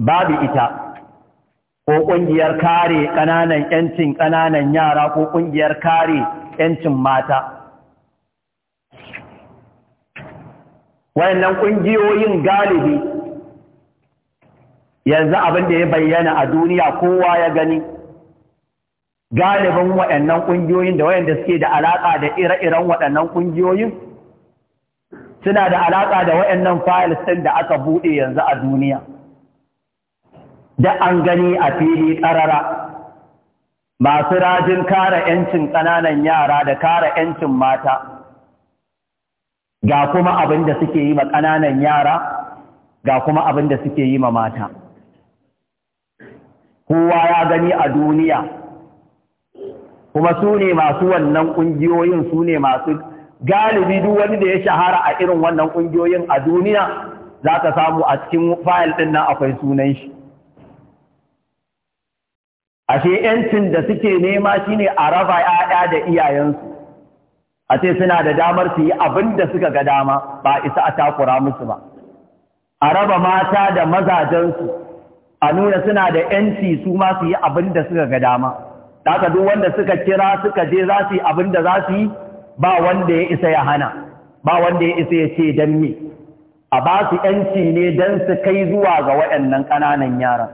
babu ita ko ƙungiyar kare ƙananan ‘yancin ƙananan yara ko ƙungiyar kare ‘yancin mata wayannan ƙungiyoyin galibi yanzu abin da ya bayyana a duniya kowa ya gani galibin waɗannan ƙungiyoyin da wayanda suke da alaƙa da ire-iren waɗannan ƙungiyoyin suna da alaƙa da waɗannan files ɗin da aka buɗe yanzu a duniya da an gani a fili ƙarara masu rajin kare 'yancin ƙananan yara da kare 'yancin mata ga kuma abin da suke yi ma ƙananan yara ga kuma abin da suke yi ma mata kowa ya gani a duniya kuma su ne masu wannan ƙungiyoyin su ne masu galibi duk wani da ya shahara a irin wannan ƙungiyoyin a duniya za ka samu a cikin fayil ɗin nan akwai sunan shi ashe ‘yancin da suke nema shine a raba ‘ya'ya da iyayensu a ce suna da damar su yi abin da suka ga dama ba isa a takura musu ba a raba mata da mazajensu a nuna suna da ‘yanci su ma su yi abin da suka ga dama, ka duk wanda suka kira suka je za su yi abin da za su yi ba wanda ya isa ya hana, ba wanda ya isa ya ce don me, a ba su ‘yanci ne don su kai zuwa ga waɗannan ƙananan yaran.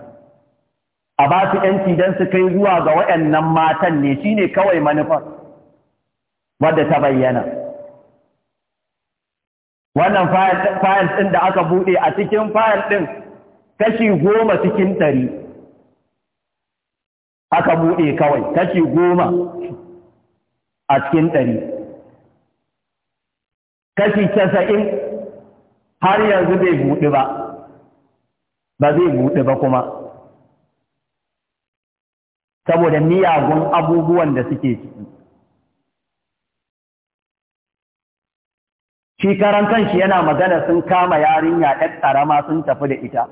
A ba su ‘yanci don su kai zuwa ga waɗannan matan ne shi ne kawai manufar wadda ta bayyana. Wannan fayil ɗin da aka buɗe a cikin fayil ɗin kashi goma cikin ɗari aka buɗe kawai kashi goma a cikin ɗari kashi casa'in har yanzu bai buɗe ba ba zai buɗe ba kuma saboda miyagun abubuwan da suke ciki shi karan kanshi yana magana sun kama yarinya ɗan ƙarama sun tafi da ita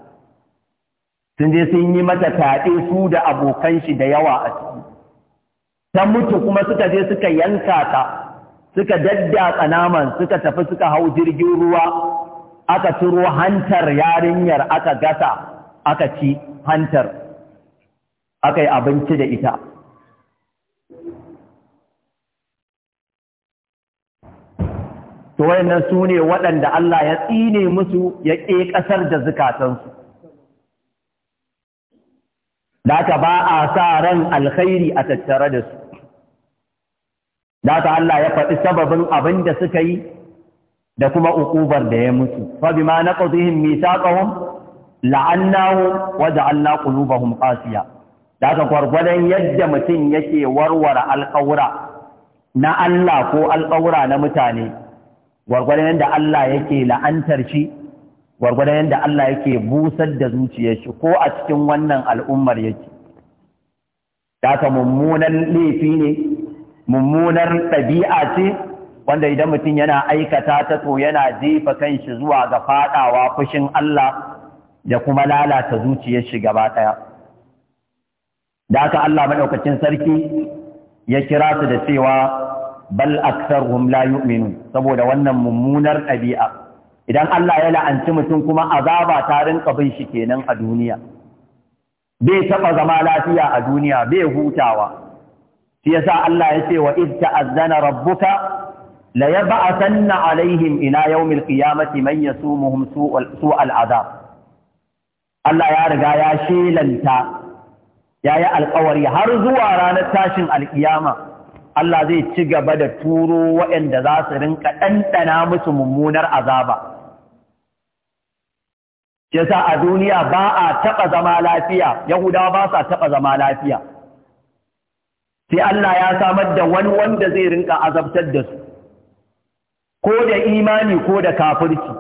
sun je sun yi mata taɗe su da abokan shi da yawa a ciki ta mutu kuma suka je suka yanka ta suka daddatsa naman suka tafi suka hau jirgin ruwa aka turo hantar yarinyar aka gasa aka ci hantar aka yi abinci da ita to wayannan su ne waɗanda Allah ya tsine musu ya ƙe ƙasar da zukatansu da ta ba a sa ran alkhairi a tattare da su da ta Allah ya faɗi sababin abin da suka yi da kuma uƙubar da ya mutu fa bima naqdihim mithaqahum la'annahu wa Allah qulubahum qasiya da ta gwargwadon yadda mutum yake warware alƙawura na Allah ko alƙawura na mutane gwargwadon yadda Allah yake la'antar shi gwargwadon yadda Allah yake busar da zuciyar shi ko a cikin wannan al'ummar yake daka mummunan laifi ne mummunar ɗabi'a ce wanda idan mutum yana aikata ta to yana jefa kanshi zuwa ga faɗawa fushin Allah da kuma lalata zuciyar shi gaba ɗaya da aka Allah maɗaukacin sarki ya kira su da cewa bal aksar la yu'minu saboda wannan mummunar ɗabi'a idan Allah ya la'anci mutum kuma azaba ta rinka bin shi kenan a duniya bai taba zama lafiya a duniya bai hutawa shi yasa Allah ya ce wa id ta'azzana rabbuka la yab'athanna alaihim ila yawmil qiyamati man yasumuhum su'al azab Allah ya riga ya shelanta ya yi har zuwa ranar tashin alƙiyama Allah zai ci gaba da turo waɗanda za su rinka ɗanɗana musu mummunar azaba. yasa a duniya ba a taɓa zama lafiya yahudawa ba sa taɓa zama lafiya sai Allah ya samar da wani wanda zai rinka azabtar da su ko da imani ko da kafirci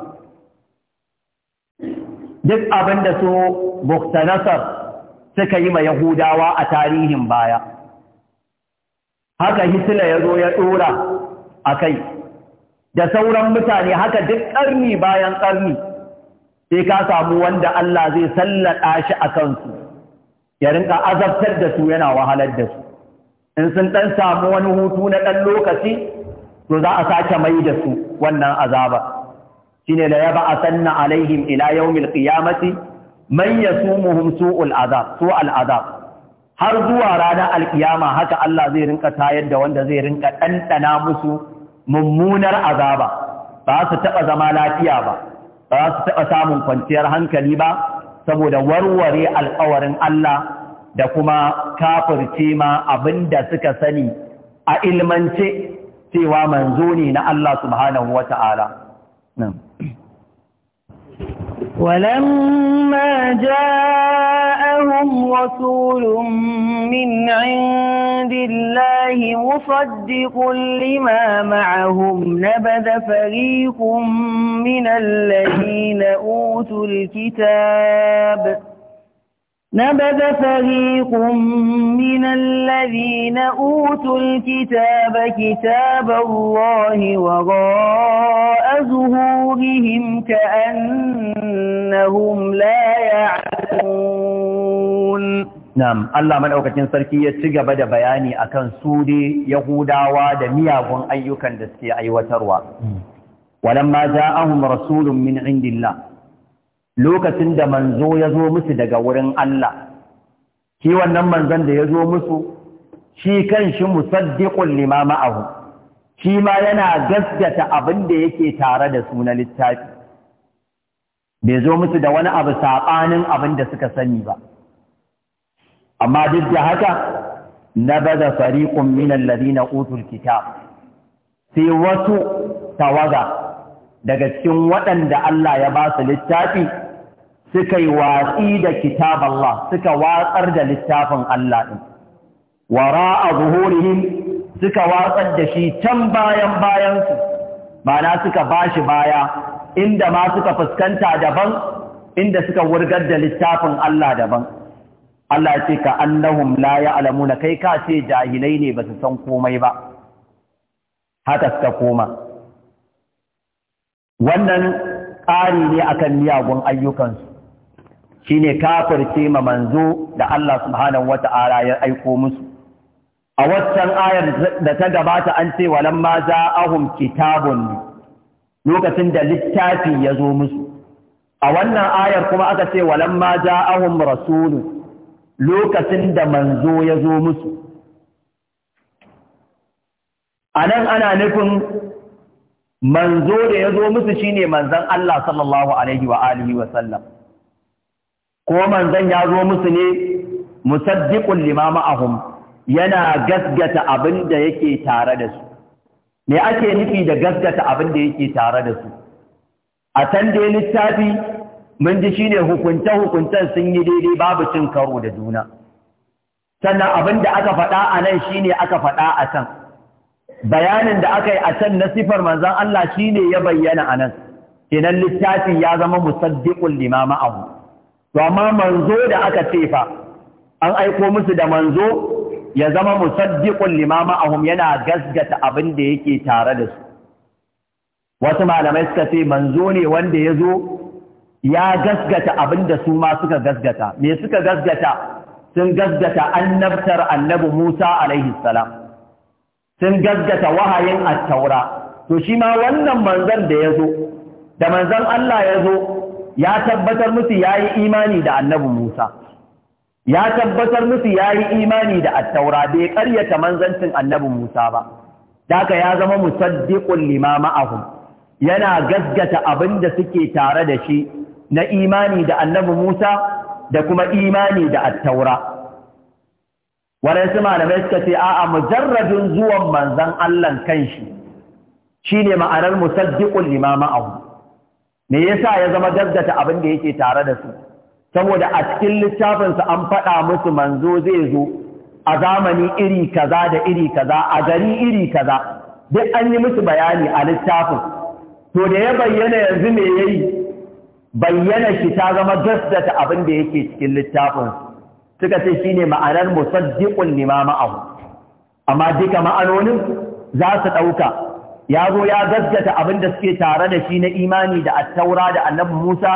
duk abin da su nasar suka yi ma yahudawa a tarihin baya haka hitler ya zo ya ɗora a kai da sauran mutane haka duk ƙarni bayan ƙarni sai ka samu wanda Allah zai sallada shi a kansu ya rinka azabtar da su yana wahalar da su in sun ɗan samu wani hutu na ɗan lokaci to za a sake mai da su wannan azaba shine la yaba asanna alaihim ila yawmil ƙiyamati man yasumuhum su'ul azab su azab har zuwa ranar alƙiyama haka Allah zai rinka tayar da wanda zai rinka ɗanɗana musu mummunar azaba ba su taɓa zama lafiya ba ba za su taɓa samun kwanciyar hankali ba saboda warware alkawarin Allah da kuma kafirce ma abin da suka sani a ilmance cewa manzo ne na Allah subhanahu wa ta'ala. ولما جاءهم رسول من عند الله مصدق لما معهم نبذ فريق من الذين أوتوا الكتاب na فريق من الذين أوتوا الكتاب كتاب الله وراء ظهورهم كأنهم لا يعلمون Na'am, Allah maɗaukacin sarki ya ci gaba da bayani akan su dai da miyagun ayyukan da suke aiwatarwa. Walamma za'ahum rasulun min indillah lokacin da manzo ya zo musu daga wurin Allah shi wannan manzon da ya zo musu shi kan shi musaddiƙun limama ahu, shi ma yana gaskata abin da yake tare da su na littafi bai zo musu da wani abu saɓanin abin da suka sani ba amma duk da haka na baza fariƙun minan na utul kitab sai wasu tawaga daga cikin waɗanda Allah ya ba su littafi suka yi watsi da kitab Allah suka watsar da littafin Allah ɗin. wara a zuhurihin suka watsar da shi can bayan bayansu mana suka bashi baya inda ma suka fuskanta daban inda suka wurgar da littafin Allah daban Allah ya ce ka annahum la na kai ka ce jahilai ne ba su san komai ba haka suka koma wannan ƙari ne akan miyagun ayyukansu shine kafirce ma manzo da Allah subhanahu wata'ala ya aiko musu a waccan ayar da ta gabata an ce ma walamma ahum kitabun lokacin da littafi ya zo musu a wannan ayar kuma aka ce ma walamma ahum rasulun lokacin da manzo ya zo musu a nan ana nufin manzo da ya zo musu shine manzon Allah sallallahu alaihi wa alihi wa sallam ko manzon ya zo musu ne musaddiqul lima ma'ahum yana gasgata abin da yake tare da su me ake nufi da gasgata abin da yake tare da su a can dai littafi mun ji shine hukunta-hukuntan sun yi daidai babu cin karo da juna sannan abin da aka faɗa a nan shine aka faɗa a can bayanin da aka yi a can na sifar manzan Allah shine ya bayyana a nan kenan littafi ya zama musaddiqul lima ma'ahum to amma manzo da aka ce fa an aiko musu da manzo ya zama musaddiqun limama ahum yana gasgata abin da yake tare da su wasu malamai suka ce manzo ne wanda ya zo ya gasgata abin da su ma suka gasgata me suka gasgata sun gasgata annabtar annabi Musa alaihi salam sun gasgata wahayin at-taura to shi ma wannan manzon da ya zo da manzon Allah ya zo ya tabbatar musu ya yi imani da annabi Musa, ya tabbatar musu ya yi imani da attaura bai ƙaryata manzancin annabi Musa ba, daga ya zama musaddiƙun limama ahun, yana gaggata abin da suke tare da shi na imani da annabi Musa da kuma imani da attaura. Waɗansu malamai suka ce, A'a, mujarrabin zuwan manzan Allahn kanshi, shi ne ma'anar musaddiƙun limama ahun. me yasa ya zama gaggata abin da yake tare da su saboda a cikin littafinsu an faɗa musu manzo zai zo a zamani iri kaza da iri kaza a gari iri kaza duk an yi musu bayani a littafin to da ya bayyana yanzu me yayi bayyana shi ta zama gaskata abin da yake cikin littafin suka ce shine ma'anar musaddiqul limama abu amma duka ma'anonin za su ɗauka ya zo ya gaskata abin da suke tare da shi na imani da attaura da annabi Musa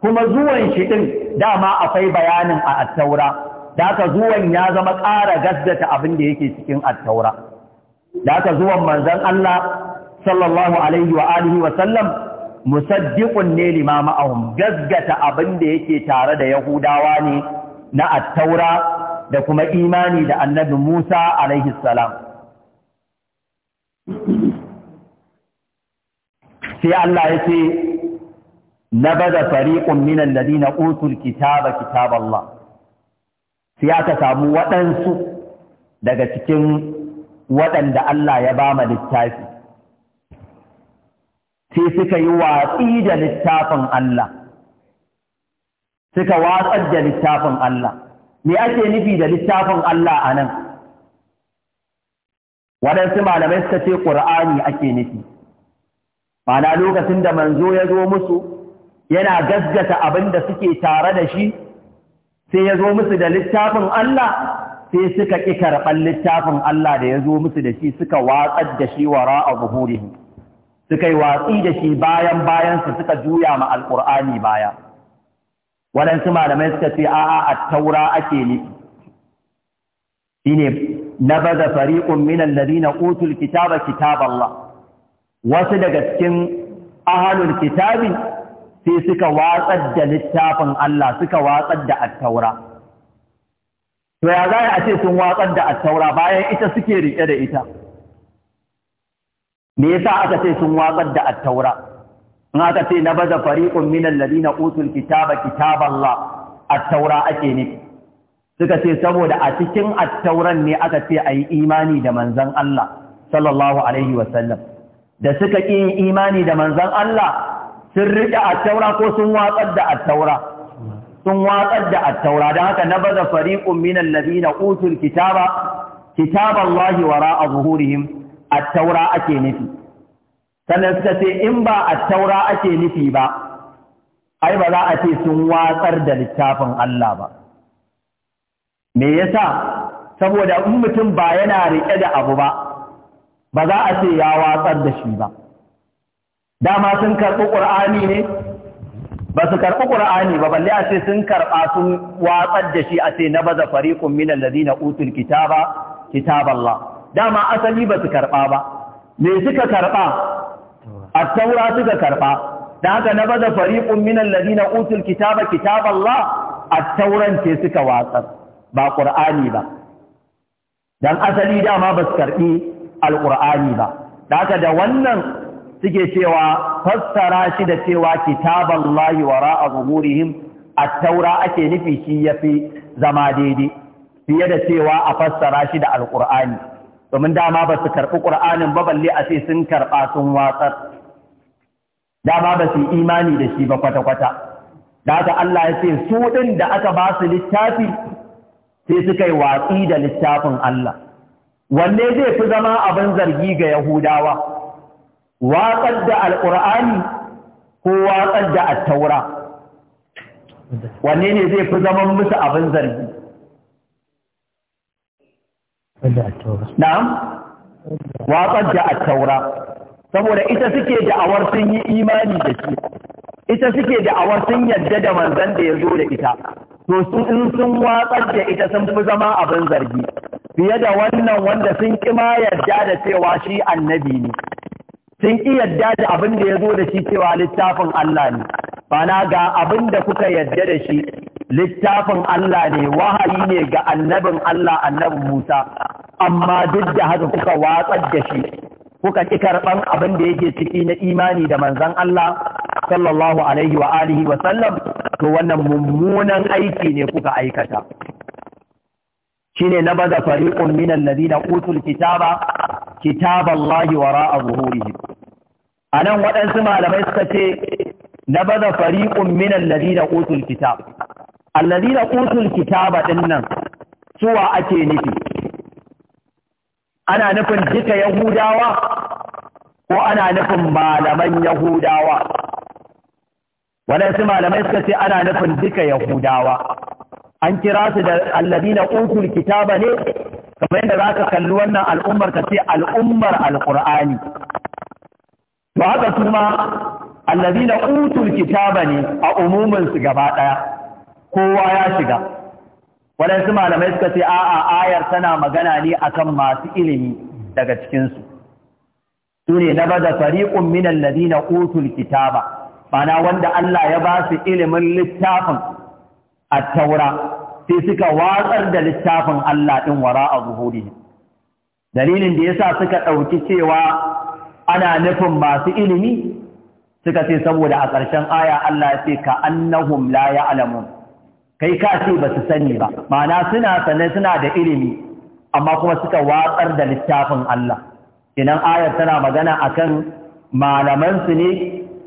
kuma zuwan shi din dama akwai bayanin a attaura da haka zuwan ya zama ƙara gaskata abin da yake cikin attaura da haka zuwan manzon Allah sallallahu alaihi wa alihi wa sallam musaddiqun ne limama ahum gaskata abin da yake tare da yahudawa ne na attaura da kuma imani da annabi Musa alaihi salam sai Allah ya ce nabada minan min alladhina utul kitaba kitaballah sai aka samu waɗansu daga cikin waɗanda Allah ya ba ma littafi sai suka yi watsi da littafin Allah suka watsar da littafin Allah me ake nufi da littafin Allah a nan waɗansu malamai suka ce ƙur'ani ake nufi mana lokacin da manzo ya zo musu yana gaskata abin da suke tare da shi sai ya zo musu da littafin Allah sai suka ƙi karɓar littafin Allah da ya zo musu da shi suka watsar da shi wara a zuhurihi suka yi watsi da shi bayan bayansu suka juya ma alƙur'ani baya waɗansu malamai suka ce a'a a taura ake nufi shine nabaza fariqun min alladhina utul kitaba kitaballah wasu daga cikin ahalul kitabi sai suka watsar da littafin Allah suka watsar da attaura to ya za a ce sun watsar da attaura bayan ita suke riƙe da ita me yasa aka ce sun watsar da attaura in aka ce na baza fariqun min alladhina utul kitaba kitaballah attaura ake ne suka ce saboda a cikin attauran ne aka ce a yi imani da manzan Allah sallallahu alaihi wasallam da suka ƙi imani da manzan Allah sun riƙe attaura ko sun watsar da attaura sun watsar da attaura don haka na baza fariƙun minan labina utul kitaba kitaban lahi wara a zuhurihim attaura ake nufi sannan suka ce in ba attaura ake nufi ba ai ba za a ce sun watsar da littafin Allah ba me yasa saboda in mutum ba yana riƙe da abu ba ba za a ce ya watsar da shi ba dama sun karɓi ƙur'ani ne ba su karɓi ƙur'ani ba balle a ce sun karɓa sun watsar da shi a ce na baza minan min na utul kitaba kitaballah dama asali ba su karɓa ba me suka karɓa A taura suka karɓa Da haka na baza minan min na utul kitaba kitaballah A tauran ce suka watsar ba ƙur'ani ba dan asali dama ba su karɓi alƙur'ani ba da haka da wannan suke cewa fassara shi da cewa kitaban lahi wara zuhurihim a taura ake nufi shi ya fi zama daidai fiye da cewa a fassara shi da alƙur'ani domin dama ba su karɓi ƙur'anin ba balle a ce sun karɓa sun watsar dama ba su imani da shi ba kwata-kwata da haka Allah ya ce su ɗin da aka ba su littafi sai suka yi watsi da littafin Allah wanne zai fi zama abin zargi ga yahudawa waƙar da alƙur'ani ko waƙar da attaura wanne ne zai fi zaman musu abin zargi waƙar da attaura saboda ita suke da'awar sun yi imani da shi ita suke da'awar sun yadda da manzan da ya zo da ita to in sun watsar da ita sun fi zama abin zargi fiye da wannan wanda sun ma yarda da cewa shi annabi ne sun ki yarda da abin da ya zo da shi cewa littafin Allah ne bana ga abin da kuka yarda da shi littafin Allah ne wahayi ne ga annabin Allah annabin Musa amma duk da haka kuka watsar da shi kuka ki karɓan abin da yake ciki na imani da manzon Allah sallallahu alaihi wa alihi wa sallam to wannan mummunan aiki ne kuka aikata shine na baza fariqun minal ladina utul kitaba kitaballahi wara'a zuhurihim anan wadansu malamai suka ce na baza fariqun minal ladina utul kitab alladina utul kitaba dinnan suwa ake nufi ana nufin duka yahudawa ko ana nufin malaman yahudawa waɗansu malamai suka ce ana nufin duka yahudawa an kira su da alladina utul kitaba ne kamar yadda za ka kalli wannan al'ummar ka ce al'ummar alƙur'ani to haka su ma alladina utul kitaba ne a umuminsu gaba ɗaya kowa ya shiga waɗansu malamai suka ce a'a ayar tana magana ne akan masu ilimi daga cikinsu su ne na bada fari'un min na utul kitaba bana wanda Allah ya ba su ilimin littafin a taura sai suka watsar da littafin Allah ɗin wara a zuhuri dalilin da yasa suka ɗauki cewa ana nufin masu ilimi suka ce saboda a ƙarshen aya Allah ya ce ka annahum ya alamu. kai ka ce ba su sani ba Mana suna sane suna da ilimi amma kuma suka watsar da littafin Allah idan ayar tana magana akan malaman su ne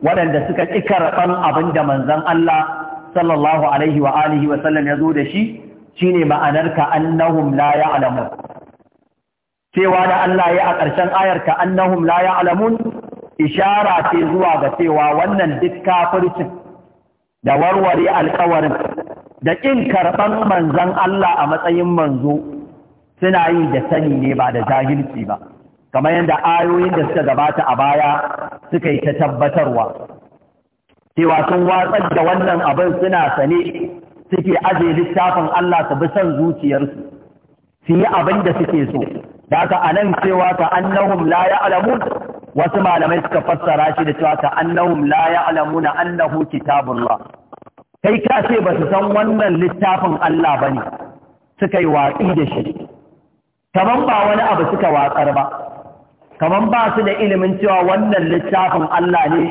waɗanda suka ƙi karɓan abin da manzon Allah sallallahu alaihi wa alihi wa sallam ya zo da shi shine ma'anar ka annahum la cewa da Allah ya a ƙarshen ayar ka annahum la ya'lamun ishara ce zuwa ga cewa wannan duk kafircin da warware alƙawarin da ƙin karɓar manzon Allah a matsayin manzo suna yi da sani ne ba da jahilci ba kamar yadda ayoyin da suka gabata a baya suka yi ta tabbatarwa cewa sun watsar da wannan abin suna sane suke aje littafin Allah su bi son zuciyarsu su yi abin da suke so da ka anan cewa ta annahum la ya'lamun wasu malamai suka fassara shi da cewa ta annahum la ya'lamuna annahu kitabullah kai ka ce ba su san wannan littafin Allah bane suka yi watsi da shi kamar ba wani abu suka watsar ba kamar ba su da ilimin cewa wannan littafin Allah ne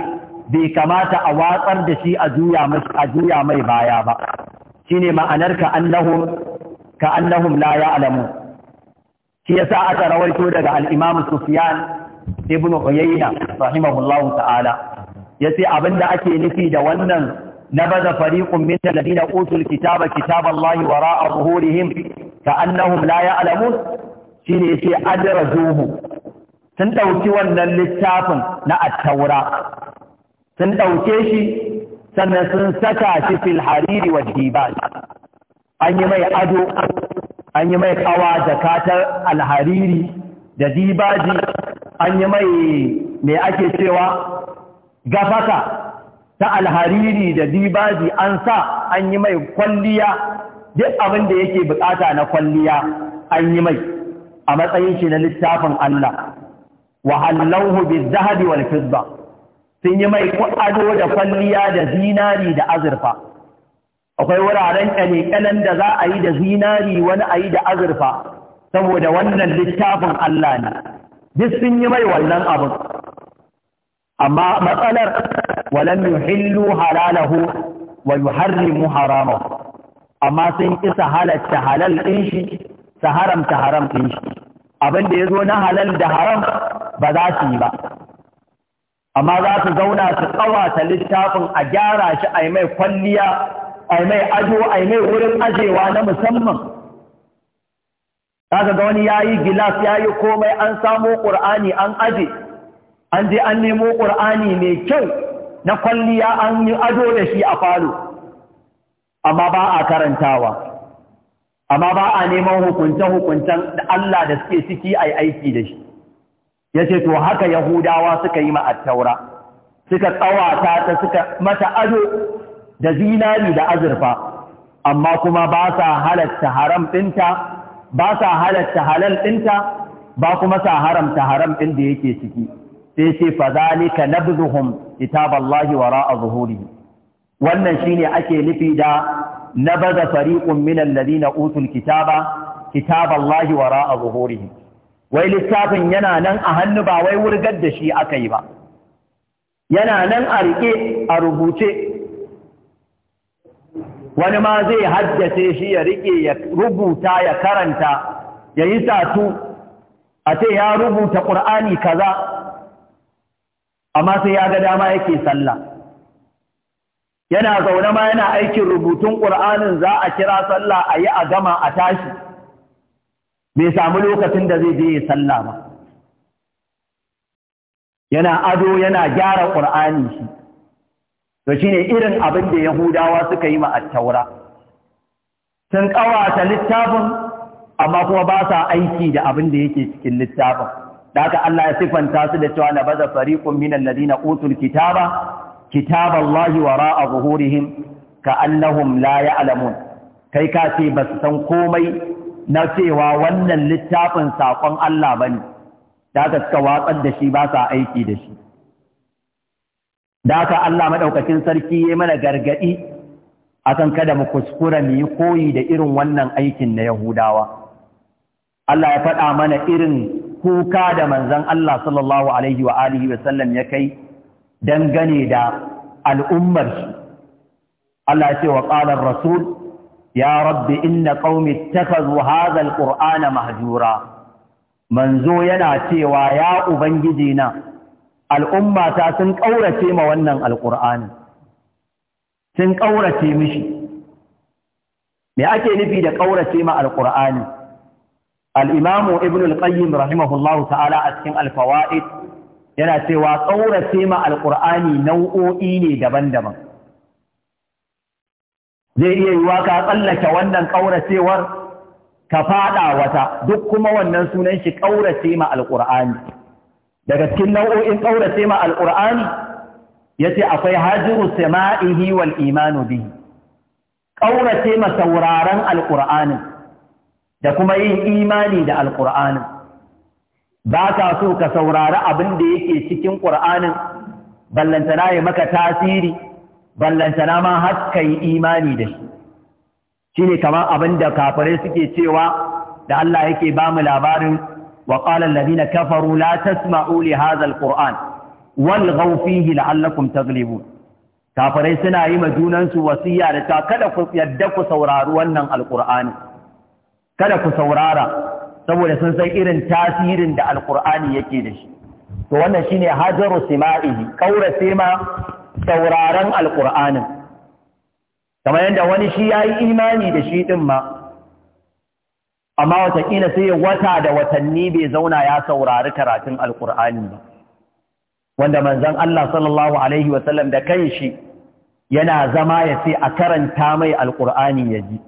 bai kamata a watsar da shi a juya mai baya ba ne ma'anar ka annahum ka annahum la ya'lamu shi yasa aka rawaito daga alimam Sufyan ibn Uyayna rahimahullahu ta'ala yace abinda ake nufi da wannan نبذ فريق من الذين أوتوا الكتاب كتاب الله وراء ظهورهم كأنهم لا يعلمون شيء zuhu. sun ɗauki wannan littafin na attaura sun ɗauke shi sannan sun saka shi fil hariri wa jibal an yi mai ado an yi mai kawa da katar alhariri da dibaji an yi mai mai ake cewa gafaka ta alhariri da dibaji an sa an yi mai kwalliya duk abin da yake bukata na kwalliya an yi mai a matsayin shi na littafin Allah wa halauhu bizahabi wal fidda sun yi mai ado da kwalliya da zinari da azurfa akwai wuraren kalekalan da za a yi da zinari wani a yi da azurfa saboda wannan littafin Allah ne duk sun yi mai wannan abin amma matsalar walam yuhillu halalahu wa yuharrimu haramahu amma sun isa halatta halal din shi su haramta haram din shi abin da ya zo na halal da haram ba za su yi ba amma za su zauna su ƙawata littafin a gyara shi a mai kwalliya a mai ajo a mai wurin ajewa na musamman kaga ga wani ya yi gilas ya yi komai an samo ƙur'ani an aje an je an nemo ƙur'ani mai kyau na kwalliya an yi ado da shi a falo amma ba a karantawa amma ba a neman hukunce-hukuncen da Allah da suke ciki a aiki da shi ya ce to haka yahudawa suka yi ma'attaura suka tsawata ta suka mata ado da zinari da azurfa amma kuma ba sa halatta haram ɗinta ba sa halatta halal ɗinta ba kuma sa haramta haram ɗin da yake ciki sai ce fa zalika nabzuhum kitaballahi wara'a zuhurihim wannan shine ake nufi da nabaza fariqun min alladhina utul kitaba kitaballahi wara'a zuhurihim wai littafin yana nan a hannu ba wai wurgar da shi aka yi ba yana nan a rike a rubuce wani ma zai haddace shi ya rike ya rubuta ya karanta ya yi satu a ce ya rubuta ƙur'ani kaza amma sai ya ga dama yake sallah yana zaune ma yana aikin rubutun ƙur'anin za a kira sallah a yi a gama a tashi bai samu lokacin da zai je ya sallah ba yana ado yana gyara ƙur'ani shi to shine irin abin da yahudawa suka yi ma attaura sun ƙawata littafin amma kuma ba sa aiki da abin da yake cikin littafin da haka Allah ya sifanta su da cewa na baza fariqun minal ladina utul kitaba kitaballahi wara'a zuhurihim ka'annahum la alamu. kai ka ce ba su san komai na cewa wannan littafin saƙon Allah bane da ka suka watsar da shi ba sa aiki da shi da ka Allah maɗaukacin sarki yayi mana gargadi akan kada mu kuskura mu yi koyi da irin wannan aikin na Yahudawa Allah ya faɗa mana irin kuka da manzon Allah sallallahu alaihi ya kai dangane da al'ummar shi Allah ce wa qalar rasul ya rabbi inna qaumi takazu hadha alqur'ana mahjura manzo yana cewa ya ubangiji na al'umma ta sun ƙaurace ma wannan alqur'ani sun kaurace mishi me ake nufi da ƙaurace ma Alƙur'ani? al ibn al-qayyim rahimahullahu ta'ala a cikin alfawa'id yana cewa ƙaurace ma alƙur'ani nau'o'i ne daban-daban zai iya yiwa ka tsallake wannan ƙauracewar ka faɗa wata duk kuma wannan sunan shi ƙaurace ma alƙur'ani daga cikin nau'o'in ƙaurace ma alƙur'ani ya ce akwai hajiru sama'ihi wal imanu bihi ƙaurace ma sauraron alƙur'anin da kuma yin imani da alƙur'anin ba ka so ka saurari abin da yake cikin ƙur'anin ballantana ya maka tasiri ballantana ma har yi imani da shi shi ne kamar abin da kafirai suke cewa da Allah yake ba mu labarin wa ƙalar ladina kafaru la tasma'u li hazal qur'an wal fihi la'allakum taglibun kafirai suna yi ma junansu wasiya da ta kada ku yadda ku saurari wannan alqur'ani kada ku saurara saboda sun san irin tasirin da alkur'ani yake da shi to wannan shine hajaru sima'ihi kaurace ma sauraron alkur'anin kamar yadda wani shi ya yi imani da shi ɗin ma amma watakila sai wata da watanni bai zauna ya saurari karatun alkur'ani ba wanda manzon Allah sallallahu alaihi wasallam da kanshi yana zama ya ce a karanta mai alkur'ani ya ji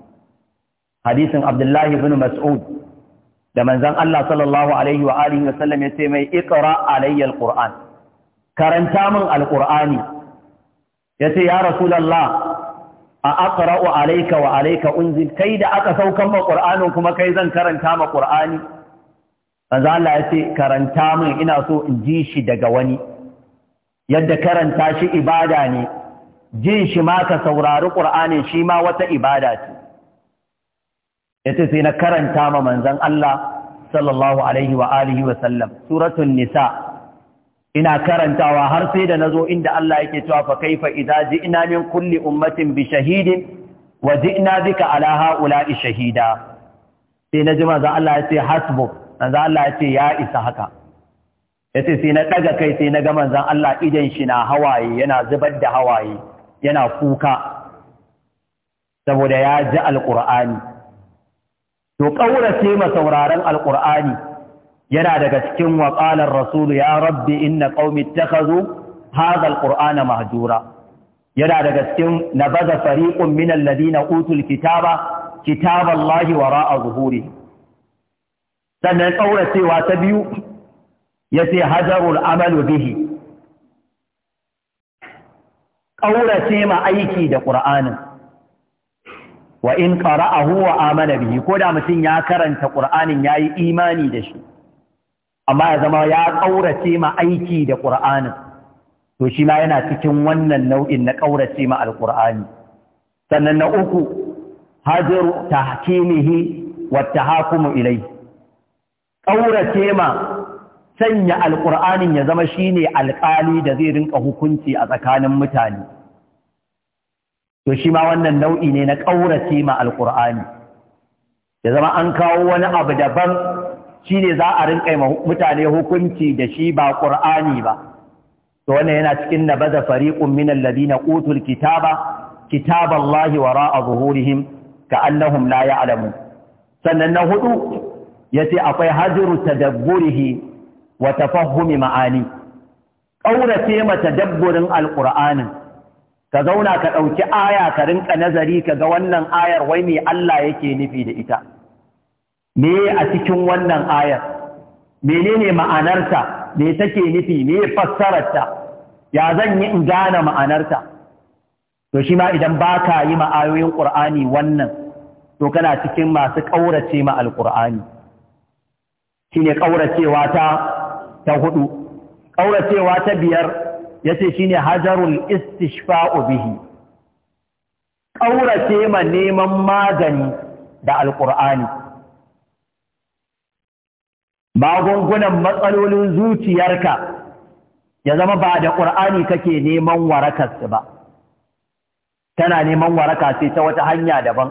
hadisin abdullahi bin mas'ud da manzon Allah sallallahu alaihi wa alihi wasallam ya ce mai iqra alayya alquran karanta min alqurani yace ya rasulullah a aqra'u alayka wa alayka unzil kai da aka saukan ma qur'anin kuma kai zan karanta ma qur'ani manzo Allah ce karanta min ina so in ji shi daga wani yadda karanta shi ibada ne jin shi ma ka saurari qur'anin shi ma wata ibada ce yace sai na karanta ma manzon Allah sallallahu alaihi wa alihi wa sallam suratul nisa ina karantawa har sai da nazo inda Allah yake cewa fa kaifa idza ji'na min kulli ummatin bi shahidin wa ji'na bika ala ha'ula'i shahida sai naji manzon Allah yace hasbu manzon Allah yace ya isa haka yace sai na daga kai sai na ga manzon Allah idan shi na hawaye yana zubar da hawaye yana kuka saboda ya ji alqur'ani to ƙaurace ma sauraron alƙur'ani yana daga cikin waƙalar rasulu ya rabbi inna qaumi ittakhadhu hadha alqur'ana mahjura yana daga cikin nabaza fariqun min alladhina utul kitaba kitaballahi wara'a zuhuri sannan ƙauracewa ta biyu yace hajarul amalu bihi ƙaurace ma aiki da ƙur'anin wa in qara'ahu wa amana bihi ko da mutum ya karanta qur'anin yayi imani da shi amma ya zama ya kaurace ma aiki da qur'anin to shi ma yana cikin wannan nau'in na kaurace ma alqur'ani sannan na uku hajaru tahkimihi wa tahakumu ilai. kaurace ma sanya alqur'anin ya zama shine alƙali da zai rinka hukunci a tsakanin mutane to shi ma wannan nau'i ne na ƙaurace ma alƙur'ani ya zama an kawo wani abu daban shi ne za a rinƙa mutane hukunci da shi ba ƙur'ani ba to wannan yana cikin na baza fariƙun min ladina utul kitaba kitaballahi wara'a zuhurihim ka'annahum la alamu. sannan na hudu yace akwai hajru tadabburihi wa tafahumi ma'ani ƙaurace ma tadabburin alƙur'anin ka zauna ka ɗauki aya ka rinka nazari ka ga wannan ayar wai me Allah yake nufi da ita me a cikin wannan ayar menene ma'anarta me take nufi me fassararta ya zan yi in gane ma'anarta to shi ma idan baka yi ma'ayoyin ƙur'ani wannan to kana cikin masu ƙaurace ma alƙur'ani shi ne ta ta hudu ƙauracewa ta biyar Ya yace shine hajarul istishfa'u bihi ƙaurace ma neman magani da alqur'ani magungunan matsalolin zuciyarka ya zama ba da ƙur'ani kake neman warakarsu ba tana neman waraka sai ta wata hanya daban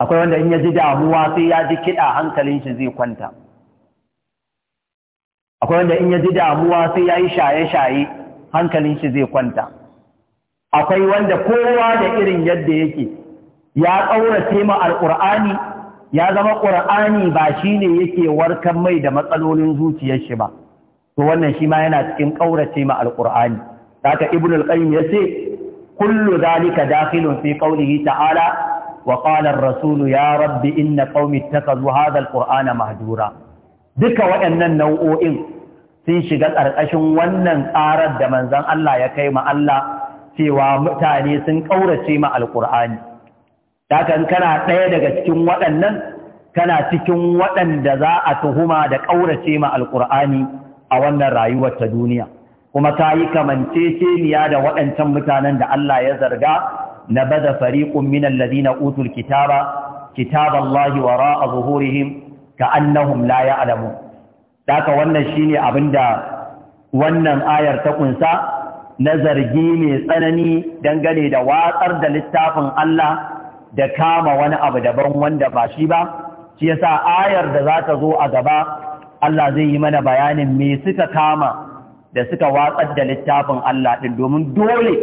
akwai wanda in ya ji damuwa sai ya ji kiɗa hankalin shi zai kwanta akwai wanda in ya ji damuwa sai ya yi shaye-shaye hankalin shi zai kwanta akwai wanda kowa da irin yadda yake ya ƙaurace ma alƙur'ani ya zama ƙur'ani ba shi ne yake warkan mai da matsalolin zuciyar shi ba to wannan shi ma yana cikin ƙaurace ma alƙur'ani haka ibn al-qayyim ya ce kullu zalika dakhilun fi qawlihi ta'ala wa qala ar-rasul ya rabbi inna qaumi ittakhadhu hadha al-qur'ana mahdura duka waɗannan nau'o'in sun shiga ƙarƙashin wannan ƙarar da manzon Allah ya kai ma Allah cewa mutane sun ƙaurace ma alƙur'ani Takan kana ɗaya daga cikin waɗannan kana cikin waɗanda za a tuhuma da ƙaurace ma alƙur'ani a wannan rayuwar ta duniya kuma ta yi kamanceceniya da waɗancan mutanen da Allah ya zarga na bada fariƙun minan lazina utul kitaba kitaballahi wara a zuhurihim ka annahum la Daka wannan shi ne abin da wannan ayar ta kunsa na zargi mai tsanani dangane da watsar da littafin Allah da kama wani abu daban wanda ba shi ba, shi yasa ayar da za ta zo a gaba Allah zai yi mana bayanin me suka kama da suka watsar da littafin Allah ɗin domin dole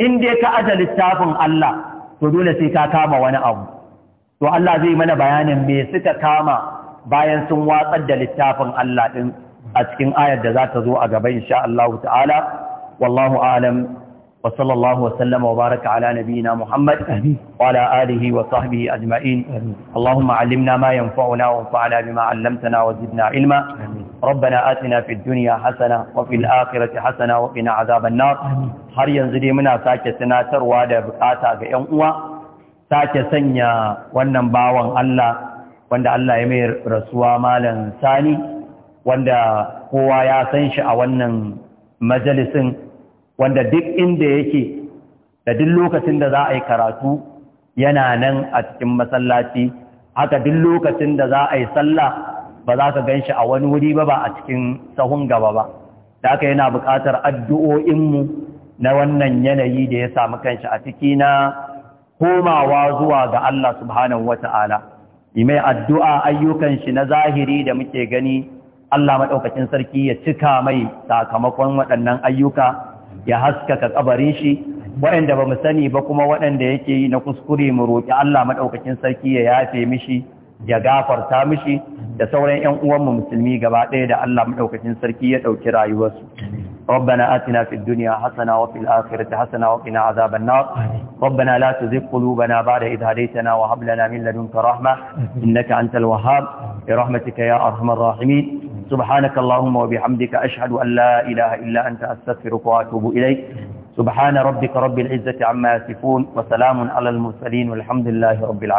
in dai ka aje littafin Allah to dole sai ka kama wani abu. To Allah zai yi mana bayanin me suka kama bayan sun watsar da littafin Allah ɗin a cikin ayar da za ta zo a gaba insha Allah ta'ala wallahu alam wa sallallahu wa sallama wa baraka ala nabiyyina Muhammad wa ala alihi wa sahbihi ajma'in Allahumma allimna ma yanfa'una wa fa'ala bima 'allamtana wa zidna ilma ربنا آتنا في الدنيا حسنة وفي الآخرة حسنة وقنا عذاب النار har yanzu dai muna sake sanatarwa da bukata ga 'yan uwa sake sanya wannan bawan Allah wanda Allah ya mai rasuwa malam sani wanda kowa ya san shi a wannan majalisin wanda duk inda yake da duk lokacin da za a yi karatu yana nan a cikin masallaci haka duk lokacin da za a yi sallah ba za ka gan shi a wani wuri ba ba a cikin sahun gaba ba da haka yana buƙatar addu'o'inmu na wannan yanayi da ya samu kanshi a ciki na komawa zuwa ga Allah subhanahu ta'ala mai addu'a ayyukan shi na zahiri da muke gani Allah maɗaukacin sarki ya cika mai sakamakon waɗannan ayyuka ya haskaka ƙabarin shi waɗanda ba mu sani ba kuma waɗanda yake yi na kuskure mu roƙi Allah maɗaukacin sarki ya yafe mishi ya gafarta mishi da sauran ‘yan uwanmu musulmi gaba ɗaya da Allah maɗaukacin sarki ya ɗauki rayuwarsu. ربنا آتنا في الدنيا حسنة وفي الآخرة حسنة وقنا عذاب النار ربنا لا تزغ قلوبنا بعد إذ هديتنا وهب لنا من لدنك رحمة إنك أنت الوهاب برحمتك يا أرحم الراحمين سبحانك اللهم وبحمدك أشهد أن لا إله إلا أنت أستغفرك وأتوب إليك سبحان ربك رب العزة عما يصفون وسلام على المرسلين والحمد لله رب العالمين